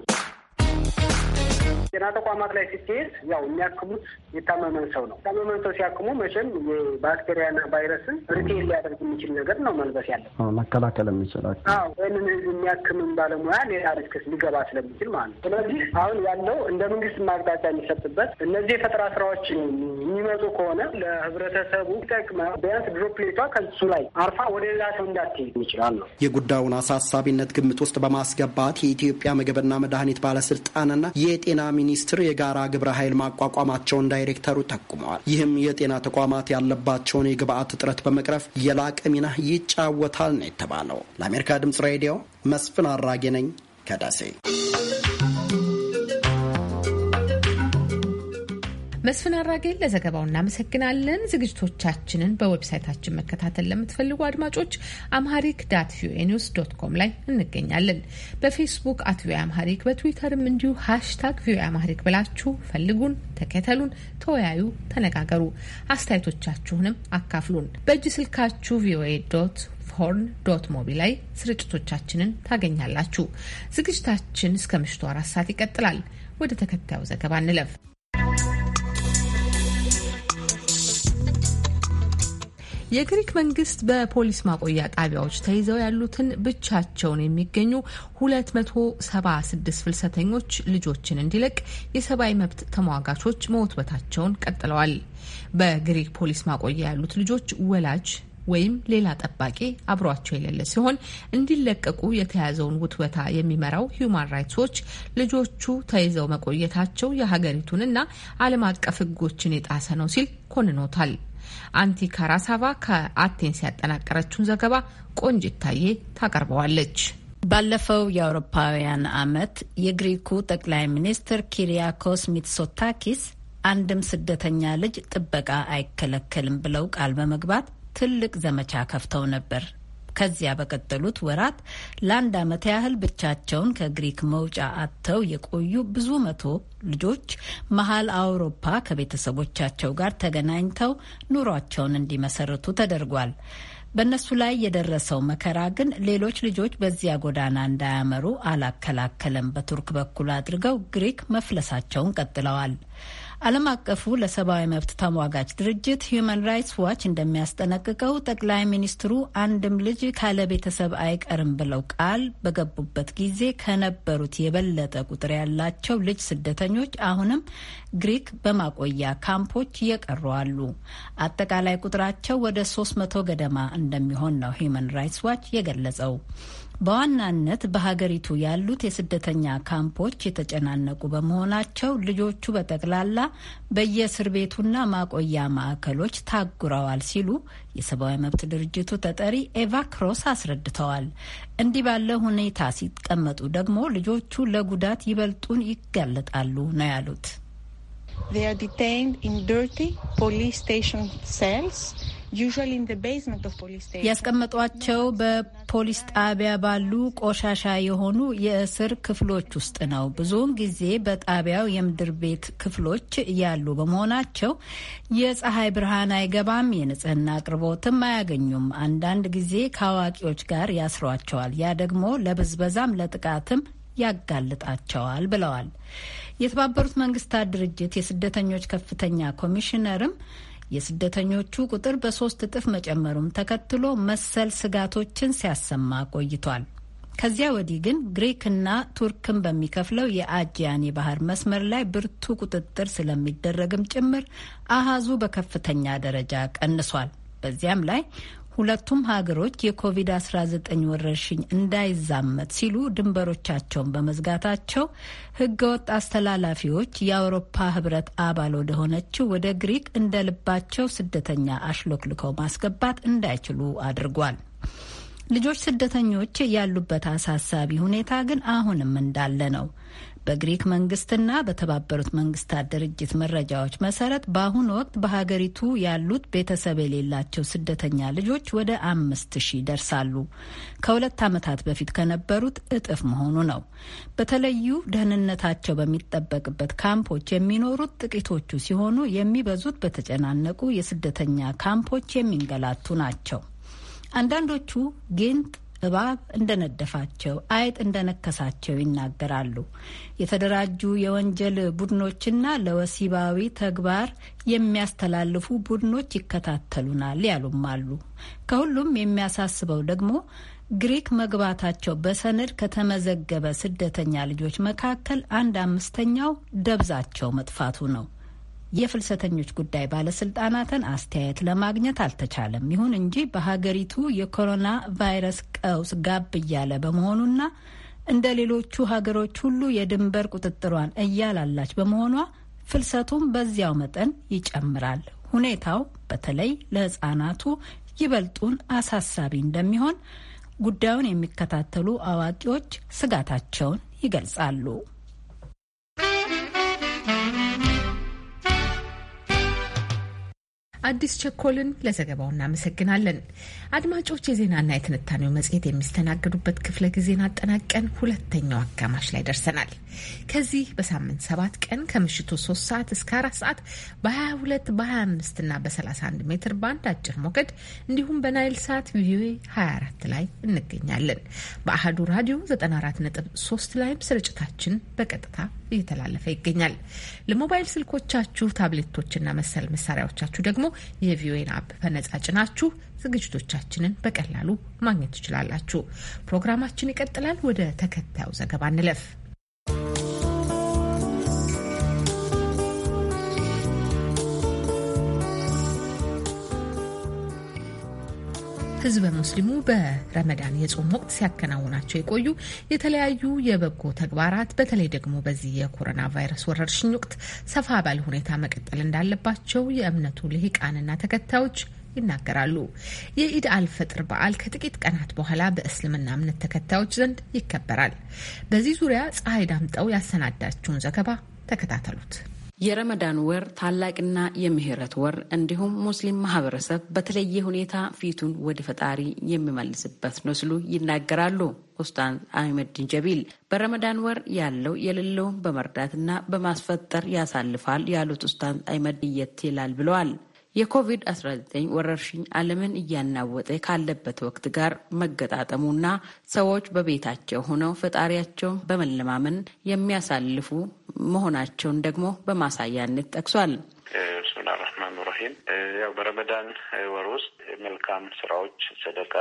Speaker 9: ጤና ተቋማት ላይ ስትሄድ ያው የሚያክሙት የታመመን ሰው ነው። የታመመን ሰው ሲያክሙ መቼም የባክቴሪያና ቫይረስን ሪቴል ሊያደርግ የሚችል ነገር ነው መልበስ ያለ መከላከል የሚችላል። ወይንም የሚያክምን ባለሙያ ሌላ ሪስክስ ሊገባ ስለሚችል ማለት ነው። ስለዚህ አሁን ያለው እንደ መንግስት ማቅጣጫ የሚሰጥበት እነዚህ የፈጠራ ስራዎች የሚመጡ ከሆነ ለህብረተሰቡ ጠቅመ ቢያንስ ድሮፕሌቷ ከሱ ላይ አርፋ ወደ ሌላ ሰው እንዳትሄድ ይችላል ነው።
Speaker 8: የጉዳዩን አሳሳቢነት ግምት ውስጥ በማስገባት የኢትዮጵያ ምግብና መድኃኒት ባለስልጣንና የጤና የጤና ሚኒስቴር የጋራ ግብረ ኃይል ማቋቋማቸውን ዳይሬክተሩ ጠቁመዋል። ይህም የጤና ተቋማት ያለባቸውን የግብአት እጥረት በመቅረፍ የላቀ ሚና ይጫወታል ነው የተባለው። ለአሜሪካ ድምጽ ሬዲዮ መስፍን አራጌ ነኝ ከደሴ
Speaker 1: መስፍን አራጌን ለዘገባው እናመሰግናለን። ዝግጅቶቻችንን በዌብሳይታችን መከታተል ለምትፈልጉ አድማጮች አምሃሪክ ዳት ቪኦኤ ኒውስ ዶት ኮም ላይ እንገኛለን። በፌስቡክ አት ቪኦኤ አምሃሪክ፣ በትዊተርም እንዲሁ ሃሽታግ ቪኦኤ አምሃሪክ ብላችሁ ፈልጉን፣ ተከተሉን፣ ተወያዩ፣ ተነጋገሩ። አስተያየቶቻችሁንም አካፍሉን። በእጅ ስልካችሁ ቪኦኤ ዶት ሆርን ዶት ሞቢ ላይ ስርጭቶቻችንን ታገኛላችሁ። ዝግጅታችን እስከ ምሽቱ አራት ሰዓት ይቀጥላል። ወደ ተከታዩ ዘገባ እንለፍ። የግሪክ መንግስት በፖሊስ ማቆያ ጣቢያዎች ተይዘው ያሉትን ብቻቸውን የሚገኙ 276 ፍልሰተኞች ልጆችን እንዲለቅ የሰብአዊ መብት ተሟጋቾች መወትበታቸውን ቀጥለዋል። በግሪክ ፖሊስ ማቆያ ያሉት ልጆች ወላጅ ወይም ሌላ ጠባቂ አብሯቸው የሌለ ሲሆን እንዲለቀቁ የተያዘውን ውትወታ የሚመራው ሂዩማን ራይትስ ዎች ልጆቹ ተይዘው መቆየታቸው የሀገሪቱንና ዓለም አቀፍ ሕጎችን የጣሰ ነው ሲል ኮንኖታል። አንቲ ካራሳቫ ከአቴንስ ያጠናቀረችውን ዘገባ ቆንጅታዬ ታቀርበዋለች።
Speaker 11: ባለፈው የአውሮፓውያን ዓመት የግሪኩ ጠቅላይ ሚኒስትር ኪሪያኮስ ሚትሶታኪስ አንድም ስደተኛ ልጅ ጥበቃ አይከለከልም ብለው ቃል በመግባት ትልቅ ዘመቻ ከፍተው ነበር። ከዚያ በቀጠሉት ወራት ለአንድ ዓመት ያህል ብቻቸውን ከግሪክ መውጫ አጥተው የቆዩ ብዙ መቶ ልጆች መሀል አውሮፓ ከቤተሰቦቻቸው ጋር ተገናኝተው ኑሯቸውን እንዲመሰርቱ ተደርጓል። በእነሱ ላይ የደረሰው መከራ ግን ሌሎች ልጆች በዚያ ጎዳና እንዳያመሩ አላከላከለም። በቱርክ በኩል አድርገው ግሪክ መፍለሳቸውን ቀጥለዋል። ዓለም አቀፉ ለሰብአዊ መብት ተሟጋች ድርጅት ሂዩማን ራይትስ ዋች እንደሚያስጠነቅቀው ጠቅላይ ሚኒስትሩ አንድም ልጅ ካለ ቤተሰብ አይቀርም ብለው ቃል በገቡበት ጊዜ ከነበሩት የበለጠ ቁጥር ያላቸው ልጅ ስደተኞች አሁንም ግሪክ በማቆያ ካምፖች እየቀሩ አሉ። አጠቃላይ ቁጥራቸው ወደ ሶስት መቶ ገደማ እንደሚሆን ነው ሂዩማን ራይትስ ዋች የገለጸው። በዋናነት በሀገሪቱ ያሉት የስደተኛ ካምፖች የተጨናነቁ በመሆናቸው ልጆቹ በጠቅላላ በየእስር ቤቱና ማቆያ ማዕከሎች ታጉረዋል ሲሉ የሰብአዊ መብት ድርጅቱ ተጠሪ ኤቫ ክሮስ አስረድተዋል። እንዲህ ባለ ሁኔታ ሲቀመጡ ደግሞ ልጆቹ ለጉዳት ይበልጡን ይጋለጣሉ ነው ያሉት። ያስቀመጧቸው በፖሊስ ጣቢያ ባሉ ቆሻሻ የሆኑ የእስር ክፍሎች ውስጥ ነው። ብዙውን ጊዜ በጣቢያው የምድር ቤት ክፍሎች ያሉ በመሆናቸው የፀሐይ ብርሃን አይገባም፣ የንጽህና አቅርቦትም አያገኙም። አንዳንድ ጊዜ ከአዋቂዎች ጋር ያስሯቸዋል። ያ ደግሞ ለብዝበዛም ለጥቃትም ያጋልጣቸዋል ብለዋል። የተባበሩት መንግስታት ድርጅት የስደተኞች ከፍተኛ ኮሚሽነርም የስደተኞቹ ቁጥር በሶስት እጥፍ መጨመሩን ተከትሎ መሰል ስጋቶችን ሲያሰማ ቆይቷል። ከዚያ ወዲህ ግን ግሪክና ቱርክን በሚከፍለው የአጂያን የባህር መስመር ላይ ብርቱ ቁጥጥር ስለሚደረግም ጭምር አሃዙ በከፍተኛ ደረጃ ቀንሷል። በዚያም ላይ ሁለቱም ሀገሮች የኮቪድ-19 ወረርሽኝ እንዳይዛመት ሲሉ ድንበሮቻቸውን በመዝጋታቸው ህገወጥ አስተላላፊዎች የአውሮፓ ህብረት አባል ወደሆነችው ወደ ግሪክ እንደ ልባቸው ስደተኛ አሽሎክልከው ማስገባት እንዳይችሉ አድርጓል። ልጆች ስደተኞች ያሉበት አሳሳቢ ሁኔታ ግን አሁንም እንዳለ ነው። በግሪክ መንግስትና በተባበሩት መንግስታት ድርጅት መረጃዎች መሰረት በአሁኑ ወቅት በሀገሪቱ ያሉት ቤተሰብ የሌላቸው ስደተኛ ልጆች ወደ አምስት ሺህ ይደርሳሉ። ከሁለት ዓመታት በፊት ከነበሩት እጥፍ መሆኑ ነው። በተለዩ ደህንነታቸው በሚጠበቅበት ካምፖች የሚኖሩት ጥቂቶቹ ሲሆኑ የሚበዙት በተጨናነቁ የስደተኛ ካምፖች የሚንገላቱ ናቸው። አንዳንዶቹ ጊንጥ እባብ እንደነደፋቸው፣ አይጥ እንደነከሳቸው ይናገራሉ። የተደራጁ የወንጀል ቡድኖችና ለወሲባዊ ተግባር የሚያስተላልፉ ቡድኖች ይከታተሉናል ያሉም አሉ። ከሁሉም የሚያሳስበው ደግሞ ግሪክ መግባታቸው በሰነድ ከተመዘገበ ስደተኛ ልጆች መካከል አንድ አምስተኛው ደብዛቸው መጥፋቱ ነው። የፍልሰተኞች ጉዳይ ባለስልጣናትን አስተያየት ለማግኘት አልተቻለም። ይሁን እንጂ በሀገሪቱ የኮሮና ቫይረስ ቀውስ ጋብ እያለ በመሆኑና እንደ ሌሎቹ ሀገሮች ሁሉ የድንበር ቁጥጥሯን እያላላች በመሆኗ ፍልሰቱም በዚያው መጠን ይጨምራል። ሁኔታው በተለይ ለህጻናቱ ይበልጡን አሳሳቢ እንደሚሆን ጉዳዩን የሚከታተሉ አዋቂዎች ስጋታቸውን ይገልጻሉ። አዲስ ቸኮልን
Speaker 1: ለዘገባው እናመሰግናለን። አድማጮች፣ የዜናና የትንታኔው መጽሔት የሚስተናገዱበት ክፍለ ጊዜን አጠናቀን ሁለተኛው አጋማሽ ላይ ደርሰናል። ከዚህ በሳምንት ሰባት ቀን ከምሽቱ ሶስት ሰዓት እስከ አራት ሰዓት በ22 በ25 እና በ31 ሜትር ባንድ አጭር ሞገድ እንዲሁም በናይል ሳት ቪኦኤ 24 ላይ እንገኛለን። በአህዱ ራዲዮ 94.3 ላይም ስርጭታችን በቀጥታ እየተላለፈ ይገኛል። ለሞባይል ስልኮቻችሁ፣ ታብሌቶችና መሰል መሳሪያዎቻችሁ ደግሞ የቪኦኤን አፕ በነጻ ጭናችሁ ዝግጅቶቻችንን በቀላሉ ማግኘት ትችላላችሁ። ፕሮግራማችን ይቀጥላል። ወደ ተከታዩ ዘገባ እንለፍ። ህዝበ ሙስሊሙ በረመዳን የጾም ወቅት ሲያከናውናቸው የቆዩ የተለያዩ የበጎ ተግባራት በተለይ ደግሞ በዚህ የኮሮና ቫይረስ ወረርሽኝ ወቅት ሰፋ ባለ ሁኔታ መቀጠል እንዳለባቸው የእምነቱ ልሂቃንና ተከታዮች ይናገራሉ። የኢድ አልፈጥር በዓል ከጥቂት ቀናት በኋላ በእስልምና እምነት ተከታዮች ዘንድ ይከበራል። በዚህ ዙሪያ ፀሐይ ዳምጠው ያሰናዳችውን ዘገባ ተከታተሉት።
Speaker 12: የረመዳን ወር ታላቅና የምህረት ወር እንዲሁም ሙስሊም ማህበረሰብ በተለየ ሁኔታ ፊቱን ወደ ፈጣሪ የሚመልስበት ነው ሲሉ ይናገራሉ። ኡስታን አህመድን ጀቢል በረመዳን ወር ያለው የሌለውን በመርዳትና በማስፈጠር ያሳልፋል ያሉት ኡስታን አህመድ የት ይላል ብለዋል። የኮቪድ-19 ወረርሽኝ ዓለምን እያናወጠ ካለበት ወቅት ጋር መገጣጠሙና ሰዎች በቤታቸው ሆነው ፈጣሪያቸውን በመለማመን የሚያሳልፉ መሆናቸውን ደግሞ በማሳያነት ጠቅሷል።
Speaker 13: ብስሚላ ራህማን ራሂም። ያው በረመዳን ወር ውስጥ መልካም ስራዎች፣ ሰደቃ፣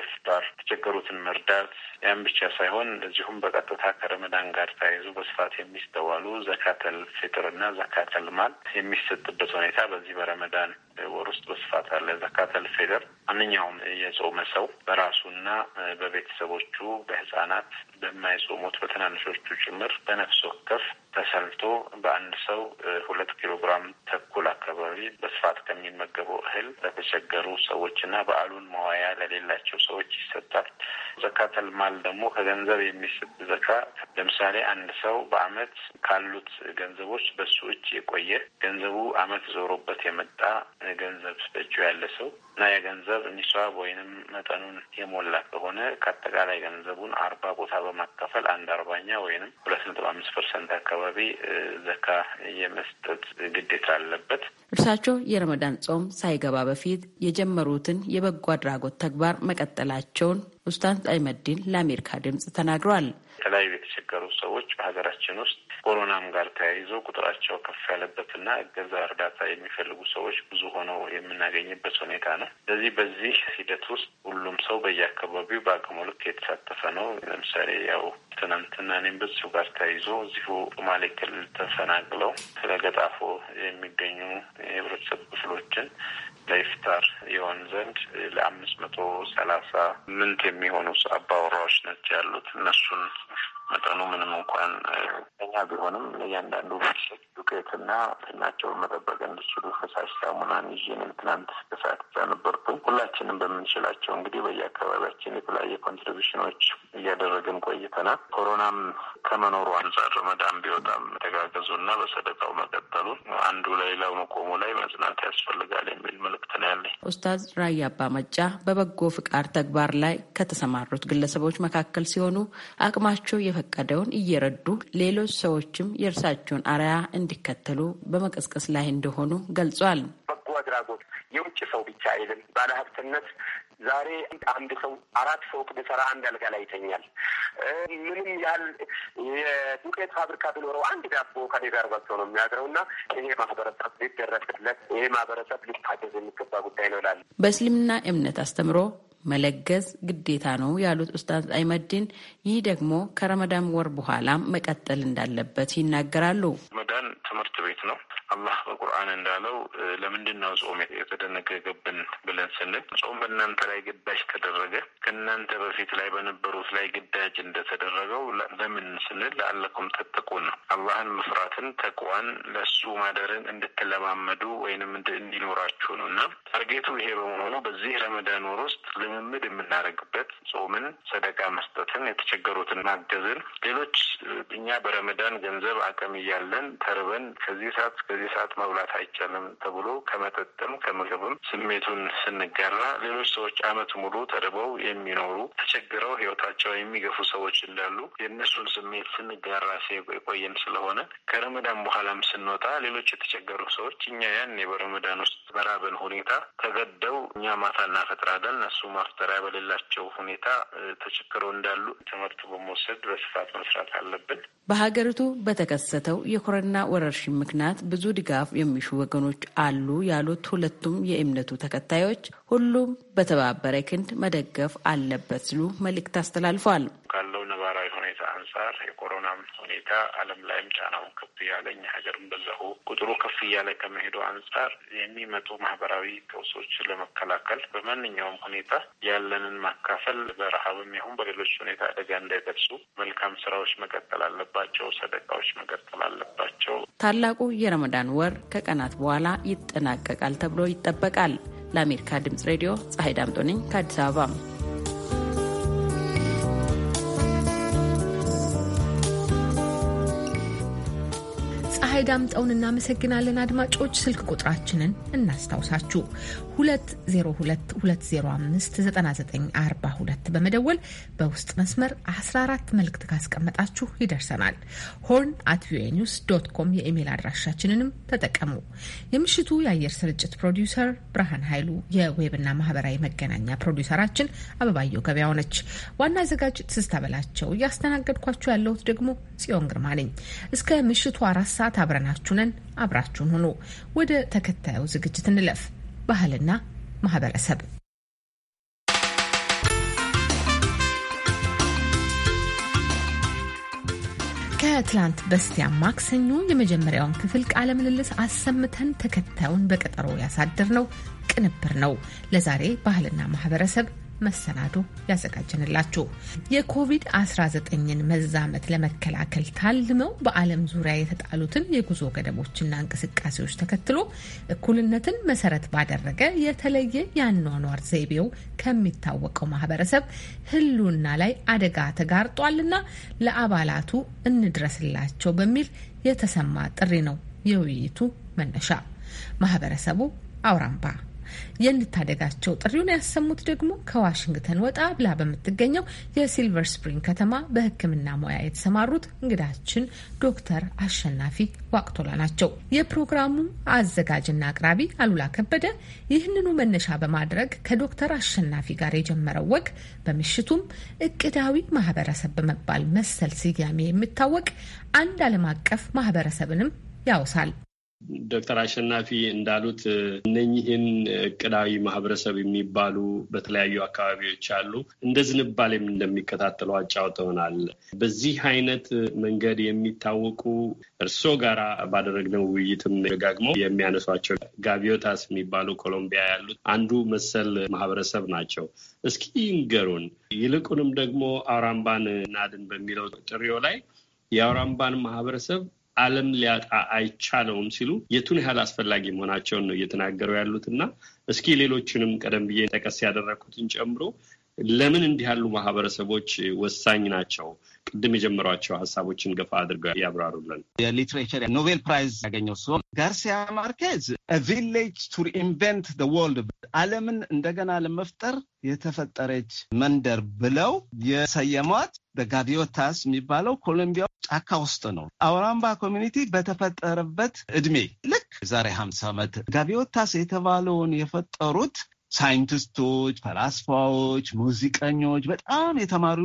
Speaker 13: ኢፍጣር፣ የተቸገሩትን መርዳት፣ ያን ብቻ ሳይሆን እንደዚሁም በቀጥታ ከረመዳን ጋር ተያይዙ በስፋት የሚስተዋሉ ዘካተል ፊጥርና ዘካተል ማል የሚሰጥበት ሁኔታ በዚህ በረመዳን ወር ውስጥ በስፋት አለ። ዘካተል ፊጥር ማንኛውም የጾመ ሰው በራሱና በቤተሰቦቹ በህጻናት በማይጾሙት በትናንሾቹ ጭምር በነፍስ ወከፍ ተሰልቶ በአንድ ሰው ሁለት ኪሎ ግራም ተኩል አካባቢ በስፋት ከሚመገቡ እህል
Speaker 9: ለተቸገሩ ሰዎችና በዓሉን መዋያ ለሌላቸው ሰዎች ይሰጣል። ዘካተል ማል ደግሞ
Speaker 13: ከገንዘብ የሚሰጥ ዘካ ለምሳሌ አንድ ሰው በአመት ካሉት ገንዘቦች በሱ እጅ የቆየ ገንዘቡ አመት ዞሮበት የመጣ ገንዘብ በእጁ ያለ ሰው እና የገንዘብ በትንሽ ስራ ወይንም መጠኑን የሞላ ከሆነ ከአጠቃላይ ገንዘቡን አርባ ቦታ በማካፈል አንድ አርባኛ ወይንም ሁለት ነጥብ አምስት ፐርሰንት አካባቢ ዘካ የመስጠት ግዴታ አለበት።
Speaker 12: እርሳቸው የረመዳን ጾም ሳይገባ በፊት የጀመሩትን የበጎ አድራጎት ተግባር መቀጠላቸውን ኡስታዝ ጣይመዲን ለአሜሪካ ድምጽ ተናግረዋል።
Speaker 13: የተለያዩ የተቸገሩ ሰዎች በሀገራችን ውስጥ ኮሮናም ጋር ተያይዞ ቁጥራቸው ከፍ ያለበትና እገዛ እርዳታ የሚፈልጉ ሰዎች ብዙ ሆነው የምናገኝበት ሁኔታ ነው። ስለዚህ በዚህ ሂደት ውስጥ ሁሉም ሰው በየአካባቢው በአቅሙ ልክ የተሳተፈ ነው። ለምሳሌ ያው ትናንትና እኔም በዚሁ ጋር ተያይዞ እዚሁ ሶማሌ ክልል ተፈናቅለው ስለገጣፎ የሚገኙ የህብረተሰብ ክፍሎችን ለኢፍጣር የሆን ዘንድ ለአምስት መቶ ሰላሳ ምንት የሚሆኑ አባወራዎች ነች ያሉት እነሱን መጠኑ ምንም እንኳን እኛ ቢሆንም ለእያንዳንዱ ቤተሰብ ዱቄትና ትናቸውን መጠበቅ እንድችሉ ፈሳሽ ሳሙናን ይዤ ትናንት ከሰዓት እዛ ነበርኩኝ። ሁላችንም በምንችላቸው እንግዲህ በየአካባቢያችን የተለያየ ኮንትሪቢሽኖች እያደረግን ቆይተናል። ኮሮናም ከመኖሩ አንጻር መዳም ቢወጣም ተጋገዙና በሰደቃው መቀጠል በሌላው መቆሙ ላይ መጽናት ያስፈልጋል የሚል መልእክት ነው ያለኝ።
Speaker 12: ኡስታዝ ራያ አባ መጫ በበጎ ፍቃድ ተግባር ላይ ከተሰማሩት ግለሰቦች መካከል ሲሆኑ አቅማቸው የፈቀደውን እየረዱ ሌሎች ሰዎችም የእርሳቸውን አርያ እንዲከተሉ በመቀስቀስ ላይ እንደሆኑ ገልጿል። በጎ አድራጎት የውጭ ሰው ብቻ
Speaker 9: አይልም ባለሀብትነት ዛሬ አንድ ሰው አራት ሰው ብሰራ አንድ አልጋ ላይ ይተኛል። ምንም ያህል የዱቄት ፋብሪካ ቢኖረው አንድ ዳቦ ከኔ ጋር በልቶ ነው የሚያድረው እና ይሄ ማህበረሰብ ሊደረስለት፣ ይሄ ማህበረሰብ ሊታገዝ የሚገባ ጉዳይ ነው ላለ
Speaker 12: በእስልምና እምነት አስተምሮ መለገዝ ግዴታ ነው ያሉት ኡስታዝ አይመድን ይህ ደግሞ ከረመዳን ወር በኋላ መቀጠል እንዳለበት ይናገራሉ።
Speaker 6: ረመዳን
Speaker 13: ትምህርት ቤት ነው። አላህ በቁርአን እንዳለው ለምንድን ነው ጾም የተደነገገብን ብለን ስንል ጾም በእናንተ ላይ ግዳጅ ተደረገ ከእናንተ በፊት ላይ በነበሩት ላይ ግዳጅ እንደተደረገው ለምን ስንል ለአለኩም ተጠቁ ነው። አላህን መፍራትን ተቋን ለሱ ማደርን እንድትለማመዱ ወይንም እንዲኖራችሁ ነው እና ታርጌቱ ይሄ በመሆኑ በዚህ ረመዳን ወር ውስጥ ልምምድ የምናደርግበት ጾምን፣ ሰደቃ መስጠትን፣ የተቸገሩትን ማገዝን፣ ሌሎች እኛ በረመዳን ገንዘብ አቅም እያለን ተርበን ከዚህ ሰዓት እስከዚህ ሰዓት መብላት አይቻልም ተብሎ ከመጠጥም ከምግብም ስሜቱን ስንጋራ ሌሎች ሰዎች አመት ሙሉ ተርበው የሚኖሩ ተቸግረው ህይወታቸው የሚገፉ ሰዎች እንዳሉ የእነሱን ስሜት ስንጋራ የቆየን ስለሆነ ከረመዳን በኋላም ስንወጣ ሌሎች የተቸገሩ ሰዎች እኛ ያን በረመዳን ውስጥ በራበን ሁኔታ ተገደው እኛ ማታ እናፈጥራለን እነሱ ማፍጠሪያ በሌላቸው ሁኔታ ተቸግረው እንዳሉ ትምህርት በመውሰድ በስፋት መስራት አለብን።
Speaker 12: በሀገሪቱ በተከሰተው የኮረና ወረርሽኝ ምክንያት ብዙ ድጋፍ የሚሹ ወገኖች አሉ ያሉት ሁለቱም የእምነቱ ተከታዮች ሁሉም በተባበረ ክንድ መደገፍ አለበት ሲሉ መልእክት አስተላልፏል።
Speaker 13: ያለ ሀገርም በዛሁ ቁጥሩ ከፍ እያለ ከመሄዱ አንጻር የሚመጡ ማህበራዊ ቀውሶች ለመከላከል በማንኛውም ሁኔታ ያለንን ማካፈል በረሀብም ይሁን በሌሎች ሁኔታ አደጋ እንዳይደርሱ መልካም ስራዎች መቀጠል አለባቸው። ሰደቃዎች መቀጠል አለባቸው።
Speaker 12: ታላቁ የረመዳን ወር ከቀናት በኋላ ይጠናቀቃል ተብሎ ይጠበቃል። ለአሜሪካ ድምጽ ሬዲዮ ፀሐይ ዳምጦ ነኝ ከአዲስ አበባ።
Speaker 1: ፀሐይ ዳምጠውን እናመሰግናለን። አድማጮች ስልክ ቁጥራችንን እናስታውሳችሁ 2022059942 በመደወል በውስጥ መስመር 14 መልእክት ካስቀመጣችሁ ይደርሰናል። ሆርን አት ቪኦኤ ኒውስ ዶት ኮም የኢሜይል አድራሻችንንም ተጠቀሙ። የምሽቱ የአየር ስርጭት ፕሮዲውሰር ብርሃን ኃይሉ፣ የዌብና ማህበራዊ መገናኛ ፕሮዲውሰራችን አበባየው ገበያው ነች። ዋና አዘጋጅ ትዝታ በላቸው፣ እያስተናገድኳችሁ ያለሁት ደግሞ ጽዮን ግርማ ነኝ። እስከ ምሽቱ አራት ሰዓት አብረናችሁ ነን። አብራችሁን ሁኑ። ወደ ተከታዩ ዝግጅት እንለፍ። ባህልና ማህበረሰብ ከትላንት በስቲያ ማክሰኞ የመጀመሪያውን ክፍል ቃለ ምልልስ አሰምተን ተከታዩን በቀጠሮ ያሳደር ነው ቅንብር ነው። ለዛሬ ባህልና ማህበረሰብ መሰናዶ ያዘጋጀንላችሁ። የኮቪድ-19ን መዛመት ለመከላከል ታልመው በዓለም ዙሪያ የተጣሉትን የጉዞ ገደቦችና እንቅስቃሴዎች ተከትሎ እኩልነትን መሰረት ባደረገ የተለየ የአኗኗር ዘይቤው ከሚታወቀው ማህበረሰብ ህልውና ላይ አደጋ ተጋርጧልና ለአባላቱ እንድረስላቸው በሚል የተሰማ ጥሪ ነው የውይይቱ መነሻ። ማህበረሰቡ አውራምባ የእንድታደጋቸው ጥሪውን ያሰሙት ደግሞ ከዋሽንግተን ወጣ ብላ በምትገኘው የሲልቨር ስፕሪንግ ከተማ በሕክምና ሙያ የተሰማሩት እንግዳችን ዶክተር አሸናፊ ዋቅቶላ ናቸው። የፕሮግራሙ አዘጋጅና አቅራቢ አሉላ ከበደ ይህንኑ መነሻ በማድረግ ከዶክተር አሸናፊ ጋር የጀመረው ወግ በምሽቱም እቅዳዊ ማህበረሰብ በመባል መሰል ስያሜ የሚታወቅ አንድ ዓለም አቀፍ ማህበረሰብንም ያውሳል።
Speaker 10: ዶክተር አሸናፊ እንዳሉት እነኚህን እቅዳዊ ማህበረሰብ የሚባሉ በተለያዩ አካባቢዎች አሉ። እንደ ዝንባሌም እንደሚከታተሉ አጫውተውናል። በዚህ አይነት መንገድ የሚታወቁ እርስዎ ጋራ ባደረግነው ውይይትም ደጋግመው የሚያነሷቸው ጋቢዮታስ የሚባሉ ኮሎምቢያ ያሉት አንዱ መሰል ማህበረሰብ ናቸው። እስኪ ይንገሩን። ይልቁንም ደግሞ አውራምባን እናድን በሚለው ጥሪዮ ላይ የአውራምባን ማህበረሰብ ዓለም ሊያጣ አይቻለውም ሲሉ የቱን ያህል አስፈላጊ መሆናቸውን ነው እየተናገሩ ያሉት እና እስኪ ሌሎችንም ቀደም ብዬ ጠቀስ ያደረግኩትን ጨምሮ ለምን እንዲህ ያሉ ማህበረሰቦች ወሳኝ ናቸው? ቅድም የጀመሯቸው ሀሳቦችን ገፋ አድርገው ያብራሩልን።
Speaker 14: የሊትሬቸር ኖቤል ፕራይዝ ያገኘው ሲሆን ጋርሲያ ማርኬዝ ቪሌጅ ቱ ኢንቨንት ወርልድ ዓለምን እንደገና ለመፍጠር የተፈጠረች መንደር ብለው የሰየሟት በጋቢዮታስ የሚባለው ኮሎምቢያ ጫካ ውስጥ ነው። አውራምባ ኮሚኒቲ በተፈጠረበት እድሜ ልክ ዛሬ ሀምሳ ዓመት ጋቢዮታስ የተባለውን የፈጠሩት ሳይንቲስቶች፣ ፈላስፋዎች፣ ሙዚቀኞች፣ በጣም የተማሩ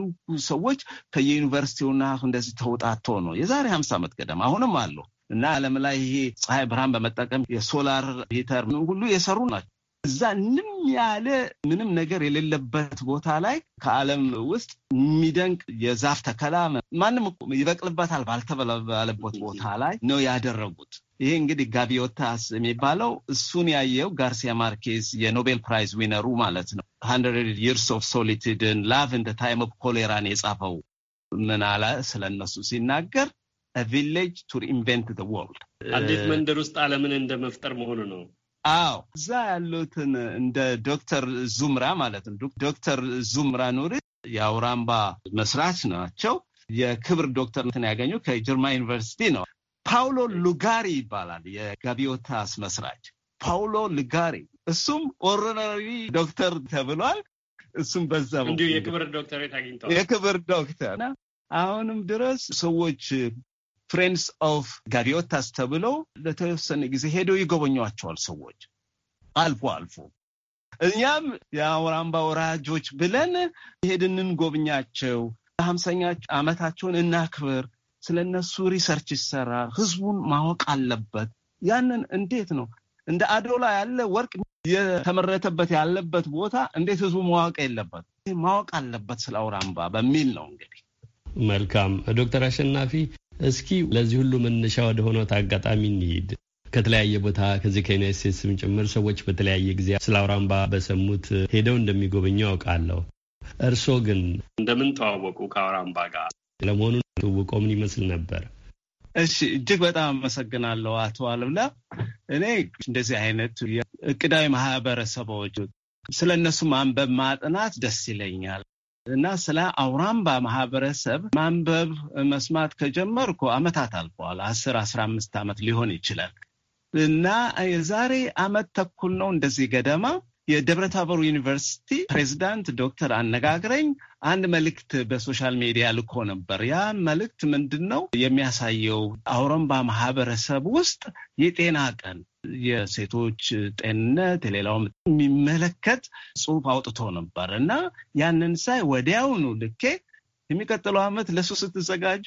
Speaker 14: ሰዎች ከየዩኒቨርሲቲውና እንደዚህ ተውጣቶ ነው የዛሬ ሀምሳ ዓመት ገደማ አሁንም አለው እና ዓለም ላይ ይሄ ፀሐይ ብርሃን በመጠቀም የሶላር ሂተር ሁሉ የሰሩ ናቸው። እዛ ንም ያለ ምንም ነገር የሌለበት ቦታ ላይ ከዓለም ውስጥ የሚደንቅ የዛፍ ተከላ ማንም ይበቅልበታል ባልተባለበት ቦታ ላይ ነው ያደረጉት። ይሄ እንግዲህ ጋቢዮታስ የሚባለው እሱን ያየው ጋርሲያ ማርኬዝ የኖቤል ፕራይዝ ዊነሩ ማለት ነው ሀንድሬድ ይርስ ኦፍ ሶሊቲድን ላቭ እንደ ታይም ኦፍ ኮሌራን የጻፈው ምን አለ ሲናገር ቪሌጅ ቱ ኢንቨንት ወርልድ
Speaker 10: አንዲት መንደር ውስጥ ዓለምን እንደ መፍጠር መሆኑ ነው።
Speaker 14: አዎ እዛ ያሉትን እንደ ዶክተር ዙምራ ማለት ነው። ዶክተር ዙምራ ኑሪ የአውራምባ መስራች ናቸው። የክብር ዶክተርነትን ያገኙ ከጀርማ ዩኒቨርሲቲ ነው። ፓውሎ ሉጋሪ ይባላል። የጋቢዮታስ መስራች ፓውሎ ሉጋሪ እሱም ኦሮነሪ ዶክተር ተብሏል። እሱም በዛ እንዲሁ የክብር
Speaker 10: ዶክተሬት አግኝተዋል።
Speaker 14: የክብር ዶክተር አሁንም ድረስ ሰዎች ፍሬንድስ ኦፍ ጋቢዮታስ ተብለው ለተወሰነ ጊዜ ሄደው ይጎበኟቸዋል። ሰዎች አልፎ አልፎ እኛም የአውራምባ ወራጆች ብለን ሄድን እንጎብኛቸው፣ ሀምሳኛ ዓመታቸውን እናክብር ስለነሱ ሪሰርች ይሰራል። ህዝቡን ማወቅ አለበት። ያንን እንዴት ነው እንደ አዶላ ያለ ወርቅ የተመረተበት ያለበት ቦታ እንዴት ህዝቡ ማወቅ የለበት ማወቅ አለበት ስለ አውራምባ በሚል ነው እንግዲህ።
Speaker 10: መልካም ዶክተር አሸናፊ እስኪ ለዚህ ሁሉ መነሻ ወደ ሆነው አጋጣሚ እንሂድ። ከተለያየ ቦታ ከዚህ ከዩናይት ስቴትስም ጭምር ሰዎች በተለያየ ጊዜ ስለ አውራምባ በሰሙት ሄደው እንደሚጎበኙ ያውቃለሁ። እርስዎ ግን እንደምን ተዋወቁ ከአውራምባ ጋር? ለመሆኑ ትውውቆ ምን ይመስል ነበር?
Speaker 14: እሺ እጅግ በጣም አመሰግናለሁ አቶ አለምላ። እኔ እንደዚህ አይነት እቅዳዊ ማህበረሰቦች ስለ እነሱ ማንበብ ማጥናት ደስ ይለኛል እና ስለ አውራምባ ማህበረሰብ ማንበብ መስማት ከጀመርኩ አመታት አልፈዋል። አስር አስራ አምስት ዓመት ሊሆን ይችላል እና የዛሬ አመት ተኩል ነው እንደዚህ ገደማ የደብረታቦር ዩኒቨርሲቲ ፕሬዚዳንት ዶክተር አነጋግረኝ አንድ መልእክት በሶሻል ሚዲያ ልኮ ነበር። ያ መልእክት ምንድን ነው የሚያሳየው? አውረምባ ማህበረሰብ ውስጥ የጤና ቀን የሴቶች ጤንነት የሌላውም የሚመለከት ጽሁፍ አውጥቶ ነበር እና ያንን ሳይ ወዲያውኑ ልኬ የሚቀጥለው ዓመት ለሱ ስትዘጋጁ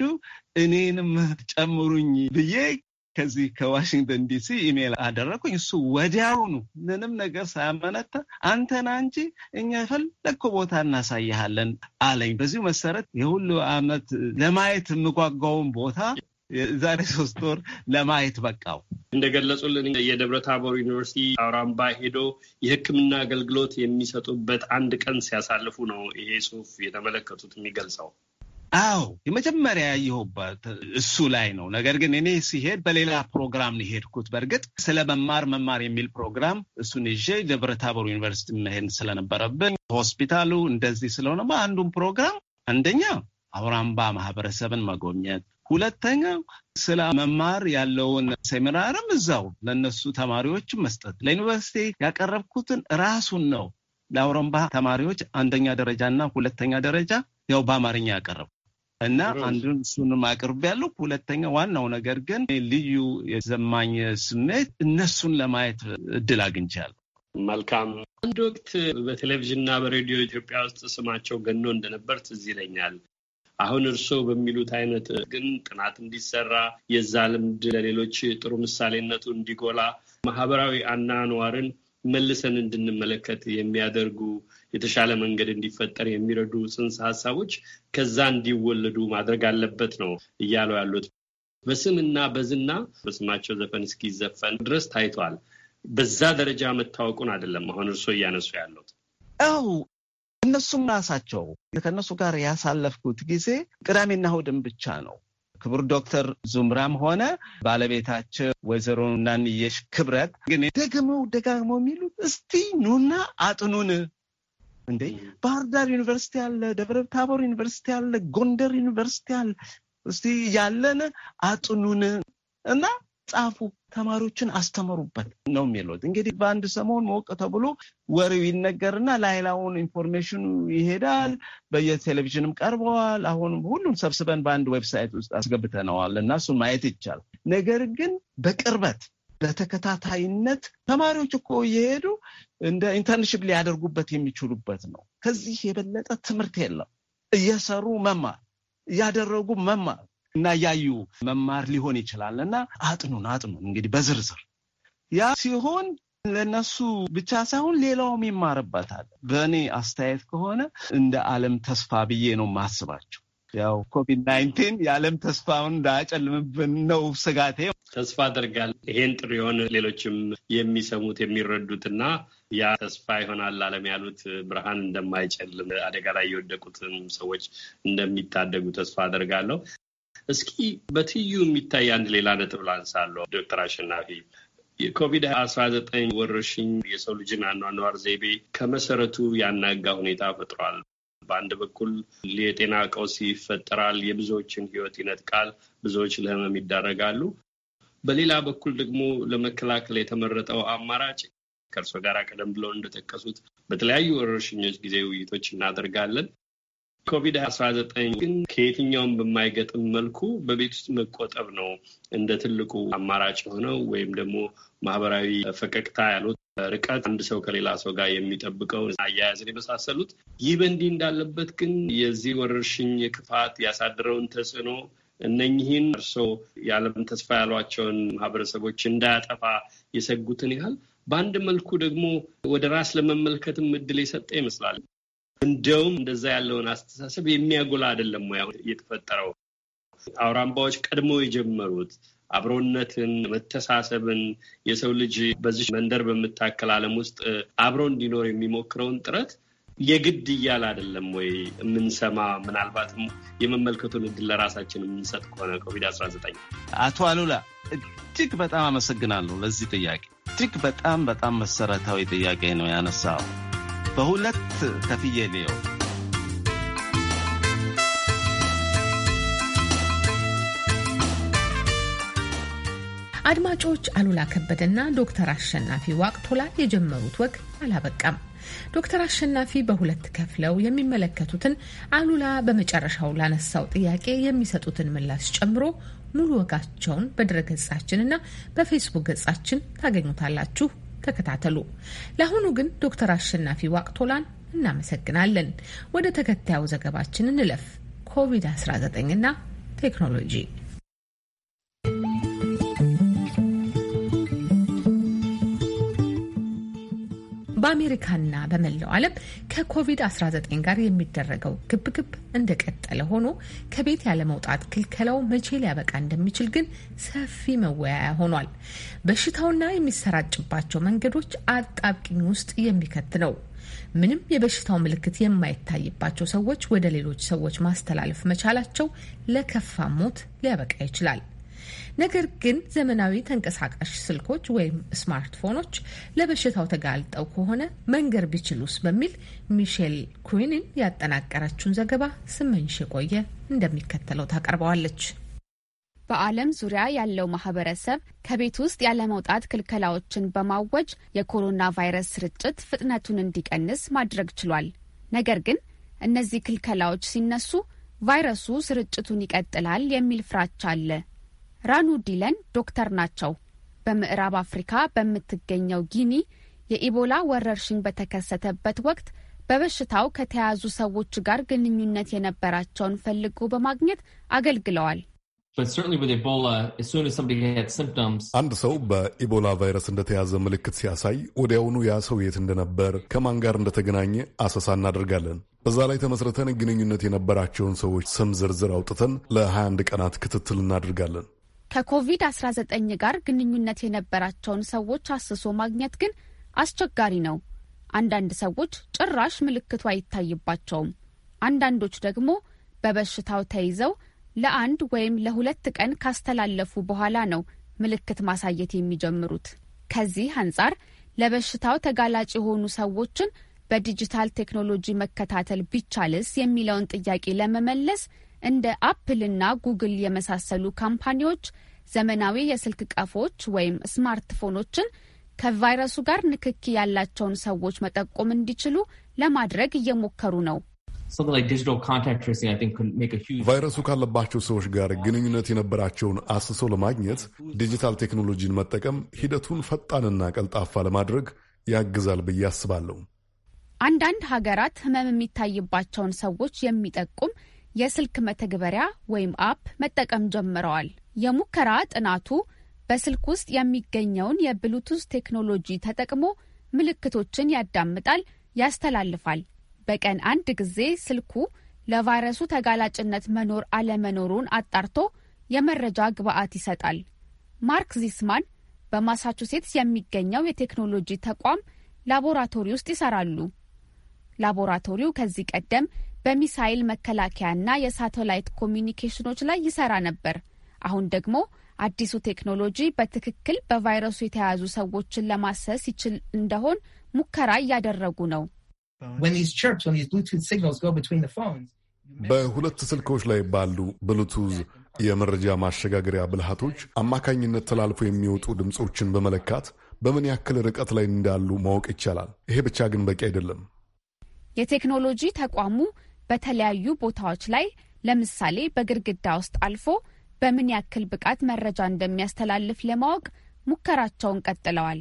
Speaker 14: እኔንም ጨምሩኝ ብዬ ከዚህ ከዋሽንግተን ዲሲ ኢሜይል አደረኩኝ። እሱ ወዲያውኑ ምንም ነገር ሳያመነታ አንተና እንጂ እኛ የፈለግከው ቦታ እናሳይሃለን አለኝ። በዚሁ መሰረት የሁሉ አመት ለማየት የምጓጓውን ቦታ የዛሬ ሶስት ወር ለማየት በቃው።
Speaker 10: እንደገለጹልን የደብረ ታቦር ዩኒቨርሲቲ አውራምባ ሄዶ የሕክምና አገልግሎት የሚሰጡበት አንድ ቀን ሲያሳልፉ ነው ይሄ ጽሁፍ የተመለከቱት የሚገልጸው።
Speaker 14: አዎ የመጀመሪያ ያየሁበት እሱ ላይ ነው። ነገር ግን እኔ ሲሄድ በሌላ ፕሮግራም ነው የሄድኩት። በእርግጥ ስለ መማር መማር የሚል ፕሮግራም እሱን ይዤ ደብረ ታቦር ዩኒቨርሲቲ መሄድ ስለነበረብን ሆስፒታሉ እንደዚህ ስለሆነ አንዱን ፕሮግራም አንደኛ አውራምባ ማህበረሰብን መጎብኘት፣ ሁለተኛ ስለ መማር ያለውን ሴሚናርም እዛው ለእነሱ ተማሪዎች መስጠት። ለዩኒቨርሲቲ ያቀረብኩትን ራሱን ነው ለአውራምባ ተማሪዎች አንደኛ ደረጃ እና ሁለተኛ ደረጃ ያው በአማርኛ ያቀረቡ እና አንዱን እሱንም አቅርብ ያለው ሁለተኛ ዋናው ነገር ግን ልዩ የዘማኝ ስሜት እነሱን ለማየት እድል አግኝቻለሁ። መልካም። አንድ ወቅት
Speaker 10: በቴሌቪዥንና በሬዲዮ ኢትዮጵያ ውስጥ ስማቸው ገኖ እንደነበር ትዝ ይለኛል። አሁን እርስዎ በሚሉት አይነት ግን ጥናት እንዲሰራ የዛ ልምድ ለሌሎች ጥሩ ምሳሌነቱ እንዲጎላ ማህበራዊ አናኗርን መልሰን እንድንመለከት የሚያደርጉ የተሻለ መንገድ እንዲፈጠር የሚረዱ ጽንሰ ሀሳቦች ከዛ እንዲወለዱ ማድረግ አለበት ነው እያለው ያሉት። በስምና በዝና በስማቸው ዘፈን እስኪዘፈን ድረስ ታይቷል። በዛ ደረጃ መታወቁን አይደለም አሁን እርስዎ እያነሱ
Speaker 14: ያሉት። አዎ እነሱም ራሳቸው ከእነሱ ጋር ያሳለፍኩት ጊዜ ቅዳሜና ሁድን ብቻ ነው ክቡር ዶክተር ዙምራም ሆነ ባለቤታቸው ወይዘሮ ናንየሽ ክብረት ግን ደግመው ደጋግመው የሚሉት እስቲ ኑና አጥኑን እንዴ ባህር ዳር ዩኒቨርሲቲ አለ፣ ደብረ ታቦር ዩኒቨርሲቲ አለ፣ ጎንደር ዩኒቨርሲቲ አለ። እስቲ ያለን አጥኑን እና ጻፉ ተማሪዎችን አስተምሩበት ነው የሚሉት። እንግዲህ በአንድ ሰሞን ሞቅ ተብሎ ወሬው ይነገርና ላይላውን ኢንፎርሜሽኑ ይሄዳል። በየቴሌቪዥንም ቀርበዋል። አሁን ሁሉም ሰብስበን በአንድ ዌብሳይት ውስጥ አስገብተነዋል እና እሱን ማየት ይቻላል። ነገር ግን በቅርበት በተከታታይነት ተማሪዎች እኮ እየሄዱ እንደ ኢንተርንሽፕ ሊያደርጉበት የሚችሉበት ነው። ከዚህ የበለጠ ትምህርት የለም። እየሰሩ መማር፣ እያደረጉ መማር እና እያዩ መማር ሊሆን ይችላል እና አጥኑን አጥኑን እንግዲህ በዝርዝር ያ ሲሆን ለነሱ ብቻ ሳይሆን ሌላውም ይማርበታል። በእኔ አስተያየት ከሆነ እንደ ዓለም ተስፋ ብዬ ነው ማስባቸው ያው ኮቪድ ናይንቲን የዓለም ተስፋውን እንዳያጨልምብን ነው ስጋቴ።
Speaker 10: ተስፋ አደርጋለሁ ይሄን ጥሪውን ሌሎችም የሚሰሙት የሚረዱትና ያ ተስፋ ይሆናል ዓለም ያሉት ብርሃን እንደማይጨልም አደጋ ላይ የወደቁትን ሰዎች እንደሚታደጉ ተስፋ አደርጋለሁ። እስኪ በትዩ የሚታይ አንድ ሌላ ነጥብ ላንሳለሁ። ዶክተር አሸናፊ የኮቪድ አስራ ዘጠኝ ወረርሽኝ የሰው ልጅን አኗኗር ዘይቤ ከመሰረቱ ያናጋ ሁኔታ ፈጥሯል። በአንድ በኩል የጤና ቀውስ ይፈጠራል፣ የብዙዎችን ህይወት ይነጥቃል፣ ብዙዎች ለህመም ይዳረጋሉ። በሌላ በኩል ደግሞ ለመከላከል የተመረጠው አማራጭ ከእርሶ ጋር ቀደም ብለው እንደጠቀሱት በተለያዩ ወረርሽኞች ጊዜ ውይይቶች እናደርጋለን ኮቪድ 19 ግን ከየትኛውም በማይገጥም መልኩ በቤት ውስጥ መቆጠብ ነው እንደ ትልቁ አማራጭ የሆነው ወይም ደግሞ ማህበራዊ ፈቀቅታ ያሉት ርቀት አንድ ሰው ከሌላ ሰው ጋር የሚጠብቀው አያያዝን የመሳሰሉት። ይህ በእንዲህ እንዳለበት ግን የዚህ ወረርሽኝ ክፋት ያሳድረውን ተጽዕኖ እነኚህን እርሶ የዓለም ተስፋ ያሏቸውን ማህበረሰቦች እንዳያጠፋ የሰጉትን ያህል በአንድ መልኩ ደግሞ ወደ ራስ ለመመልከትም እድል የሰጠ ይመስላል። እንደውም እንደዛ ያለውን አስተሳሰብ የሚያጎላ አይደለም ሙያ የተፈጠረው? አውራምባዎች ቀድሞ የጀመሩት አብሮነትን፣ መተሳሰብን የሰው ልጅ በዚህ መንደር በምታከል ዓለም ውስጥ አብሮ እንዲኖር የሚሞክረውን ጥረት የግድ እያል አይደለም ወይ የምንሰማ? ምናልባትም የመመልከቱን እድል ለራሳችን የምንሰጥ ከሆነ ኮቪድ-19።
Speaker 14: አቶ አሉላ እጅግ በጣም አመሰግናለሁ ለዚህ ጥያቄ። እጅግ በጣም በጣም መሰረታዊ ጥያቄ ነው ያነሳው። በሁለት ከፍዬ ነው።
Speaker 1: አድማጮች አሉላ ከበደና ዶክተር አሸናፊ ዋቅቶላ የጀመሩት ወግ አላበቃም። ዶክተር አሸናፊ በሁለት ከፍለው የሚመለከቱትን አሉላ በመጨረሻው ላነሳው ጥያቄ የሚሰጡትን ምላሽ ጨምሮ ሙሉ ወጋቸውን በድረ ገጻችንና በፌስቡክ ገጻችን ታገኙታላችሁ። ተከታተሉ። ለአሁኑ ግን ዶክተር አሸናፊ ዋቅቶላን እናመሰግናለን። ወደ ተከታዩ ዘገባችን እንለፍ። ኮቪድ-19ና ቴክኖሎጂ በአሜሪካና በመላው ዓለም ከኮቪድ-19 ጋር የሚደረገው ግብግብ እንደቀጠለ ሆኖ ከቤት ያለመውጣት ክልከላው መቼ ሊያበቃ እንደሚችል ግን ሰፊ መወያያ ሆኗል። በሽታውና የሚሰራጭባቸው መንገዶች አጣብቂኝ ውስጥ የሚከት ነው። ምንም የበሽታው ምልክት የማይታይባቸው ሰዎች ወደ ሌሎች ሰዎች ማስተላለፍ መቻላቸው ለከፋ ሞት ሊያበቃ ይችላል። ነገር ግን ዘመናዊ ተንቀሳቃሽ ስልኮች ወይም ስማርትፎኖች ለበሽታው ተጋልጠው ከሆነ መንገር ቢችሉስ በሚል ሚሼል ኩዊንን ያጠናቀረችውን ዘገባ ስመኝሽ የቆየ እንደሚከተለው ታቀርበዋለች።
Speaker 15: በዓለም ዙሪያ ያለው ማህበረሰብ ከቤት ውስጥ ያለመውጣት ክልከላዎችን በማወጅ የኮሮና ቫይረስ ስርጭት ፍጥነቱን እንዲቀንስ ማድረግ ችሏል። ነገር ግን እነዚህ ክልከላዎች ሲነሱ ቫይረሱ ስርጭቱን ይቀጥላል የሚል ፍራቻ አለ። ራኑ ዲለን ዶክተር ናቸው። በምዕራብ አፍሪካ በምትገኘው ጊኒ የኢቦላ ወረርሽኝ በተከሰተበት ወቅት በበሽታው ከተያዙ ሰዎች ጋር ግንኙነት የነበራቸውን ፈልጎ በማግኘት አገልግለዋል።
Speaker 16: አንድ ሰው በኢቦላ ቫይረስ እንደተያዘ ምልክት ሲያሳይ ወዲያውኑ ያ ሰው የት እንደነበር፣ ከማን ጋር እንደተገናኘ አሰሳ እናደርጋለን። በዛ ላይ ተመስርተን ግንኙነት የነበራቸውን ሰዎች ስም ዝርዝር አውጥተን ለ21 ቀናት ክትትል እናደርጋለን።
Speaker 15: ከኮቪድ-19 ጋር ግንኙነት የነበራቸውን ሰዎች አስሶ ማግኘት ግን አስቸጋሪ ነው። አንዳንድ ሰዎች ጭራሽ ምልክቱ አይታይባቸውም። አንዳንዶች ደግሞ በበሽታው ተይዘው ለአንድ ወይም ለሁለት ቀን ካስተላለፉ በኋላ ነው ምልክት ማሳየት የሚጀምሩት። ከዚህ አንጻር ለበሽታው ተጋላጭ የሆኑ ሰዎችን በዲጂታል ቴክኖሎጂ መከታተል ቢቻልስ የሚለውን ጥያቄ ለመመለስ እንደ አፕልና ጉግል የመሳሰሉ ካምፓኒዎች ዘመናዊ የስልክ ቀፎች ወይም ስማርትፎኖችን ከቫይረሱ ጋር ንክኪ ያላቸውን ሰዎች መጠቆም እንዲችሉ ለማድረግ እየሞከሩ ነው።
Speaker 16: ቫይረሱ ካለባቸው ሰዎች ጋር ግንኙነት የነበራቸውን አስሶ ለማግኘት ዲጂታል ቴክኖሎጂን መጠቀም ሂደቱን ፈጣንና ቀልጣፋ ለማድረግ ያግዛል ብዬ አስባለሁ።
Speaker 15: አንዳንድ ሀገራት ሕመም የሚታይባቸውን ሰዎች የሚጠቁም የስልክ መተግበሪያ ወይም አፕ መጠቀም ጀምረዋል። የሙከራ ጥናቱ በስልክ ውስጥ የሚገኘውን የብሉቱዝ ቴክኖሎጂ ተጠቅሞ ምልክቶችን ያዳምጣል፣ ያስተላልፋል። በቀን አንድ ጊዜ ስልኩ ለቫይረሱ ተጋላጭነት መኖር አለመኖሩን አጣርቶ የመረጃ ግብዓት ይሰጣል። ማርክ ዚስማን በማሳቹሴትስ የሚገኘው የቴክኖሎጂ ተቋም ላቦራቶሪ ውስጥ ይሰራሉ። ላቦራቶሪው ከዚህ ቀደም በሚሳይል መከላከያና የሳተላይት ኮሚኒኬሽኖች ላይ ይሰራ ነበር። አሁን ደግሞ አዲሱ ቴክኖሎጂ በትክክል በቫይረሱ የተያዙ ሰዎችን ለማሰስ ይችል እንደሆን ሙከራ እያደረጉ ነው።
Speaker 16: በሁለት ስልኮች ላይ ባሉ ብሉቱዝ የመረጃ ማሸጋገሪያ ብልሃቶች አማካኝነት ተላልፎ የሚወጡ ድምፆችን በመለካት በምን ያክል ርቀት ላይ እንዳሉ ማወቅ ይቻላል። ይሄ ብቻ ግን በቂ አይደለም።
Speaker 15: የቴክኖሎጂ ተቋሙ በተለያዩ ቦታዎች ላይ ለምሳሌ በግድግዳ ውስጥ አልፎ በምን ያክል ብቃት መረጃ እንደሚያስተላልፍ ለማወቅ ሙከራቸውን ቀጥለዋል።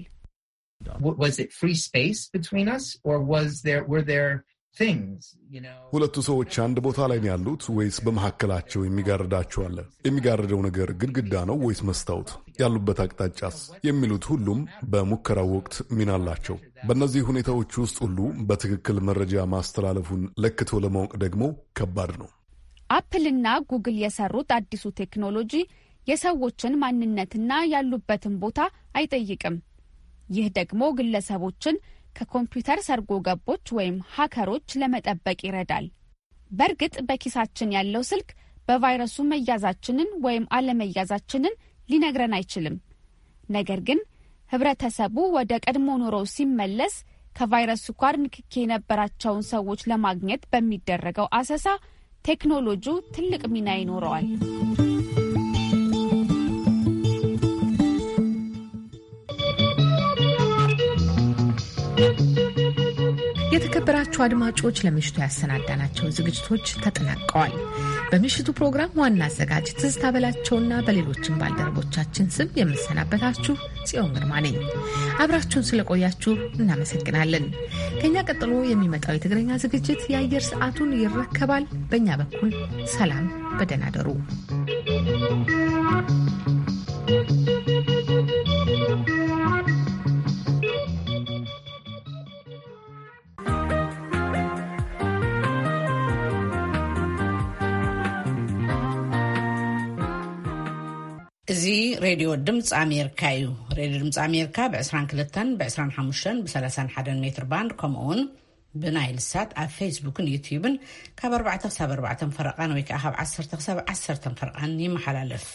Speaker 16: ሁለቱ ሰዎች አንድ ቦታ ላይ ያሉት ወይስ በመካከላቸው የሚጋርዳቸው አለ? የሚጋርደው ነገር ግድግዳ ነው ወይስ መስታወት? ያሉበት አቅጣጫስ? የሚሉት ሁሉም በሙከራው ወቅት ሚና አላቸው። በእነዚህ ሁኔታዎች ውስጥ ሁሉ በትክክል መረጃ ማስተላለፉን ለክቶ ለማወቅ ደግሞ ከባድ ነው።
Speaker 15: አፕልና ጉግል የሰሩት አዲሱ ቴክኖሎጂ የሰዎችን ማንነትና ያሉበትን ቦታ አይጠይቅም። ይህ ደግሞ ግለሰቦችን ከኮምፒውተር ሰርጎ ገቦች ወይም ሀከሮች ለመጠበቅ ይረዳል። በእርግጥ በኪሳችን ያለው ስልክ በቫይረሱ መያዛችንን ወይም አለመያዛችንን ሊነግረን አይችልም። ነገር ግን ህብረተሰቡ ወደ ቀድሞ ኑሮው ሲመለስ ከቫይረሱ ጋር ንክኬ የነበራቸውን ሰዎች ለማግኘት በሚደረገው አሰሳ ቴክኖሎጂው ትልቅ ሚና ይኖረዋል።
Speaker 1: የተከበራችሁ አድማጮች ለምሽቱ ያሰናዳናቸው ዝግጅቶች ተጠናቀዋል። በምሽቱ ፕሮግራም ዋና አዘጋጅ ትዝታ በላቸውና በሌሎችም ባልደረቦቻችን ስም የምሰናበታችሁ ጽዮን ግርማ ነኝ። አብራችሁን ስለቆያችሁ እናመሰግናለን። ከእኛ ቀጥሎ የሚመጣው የትግረኛ ዝግጅት የአየር ሰዓቱን ይረከባል። በእኛ በኩል ሰላም፣ በደህና you.
Speaker 12: እዚ ሬድዮ ድምፂ ኣሜሪካ እዩ ሬድዮ ድምፂ ኣሜሪካ ብ22 ብ25 ብ31 ሜትር ባንድ ከምኡውን ብናይል ሳት ኣብ ፌስቡክን ዩትብን ካብ 4 ሳብ 4 ፈረቓን ወይ ከዓ ካብ 1 ሳብ 1 ፈረቓን ይመሓላለፍ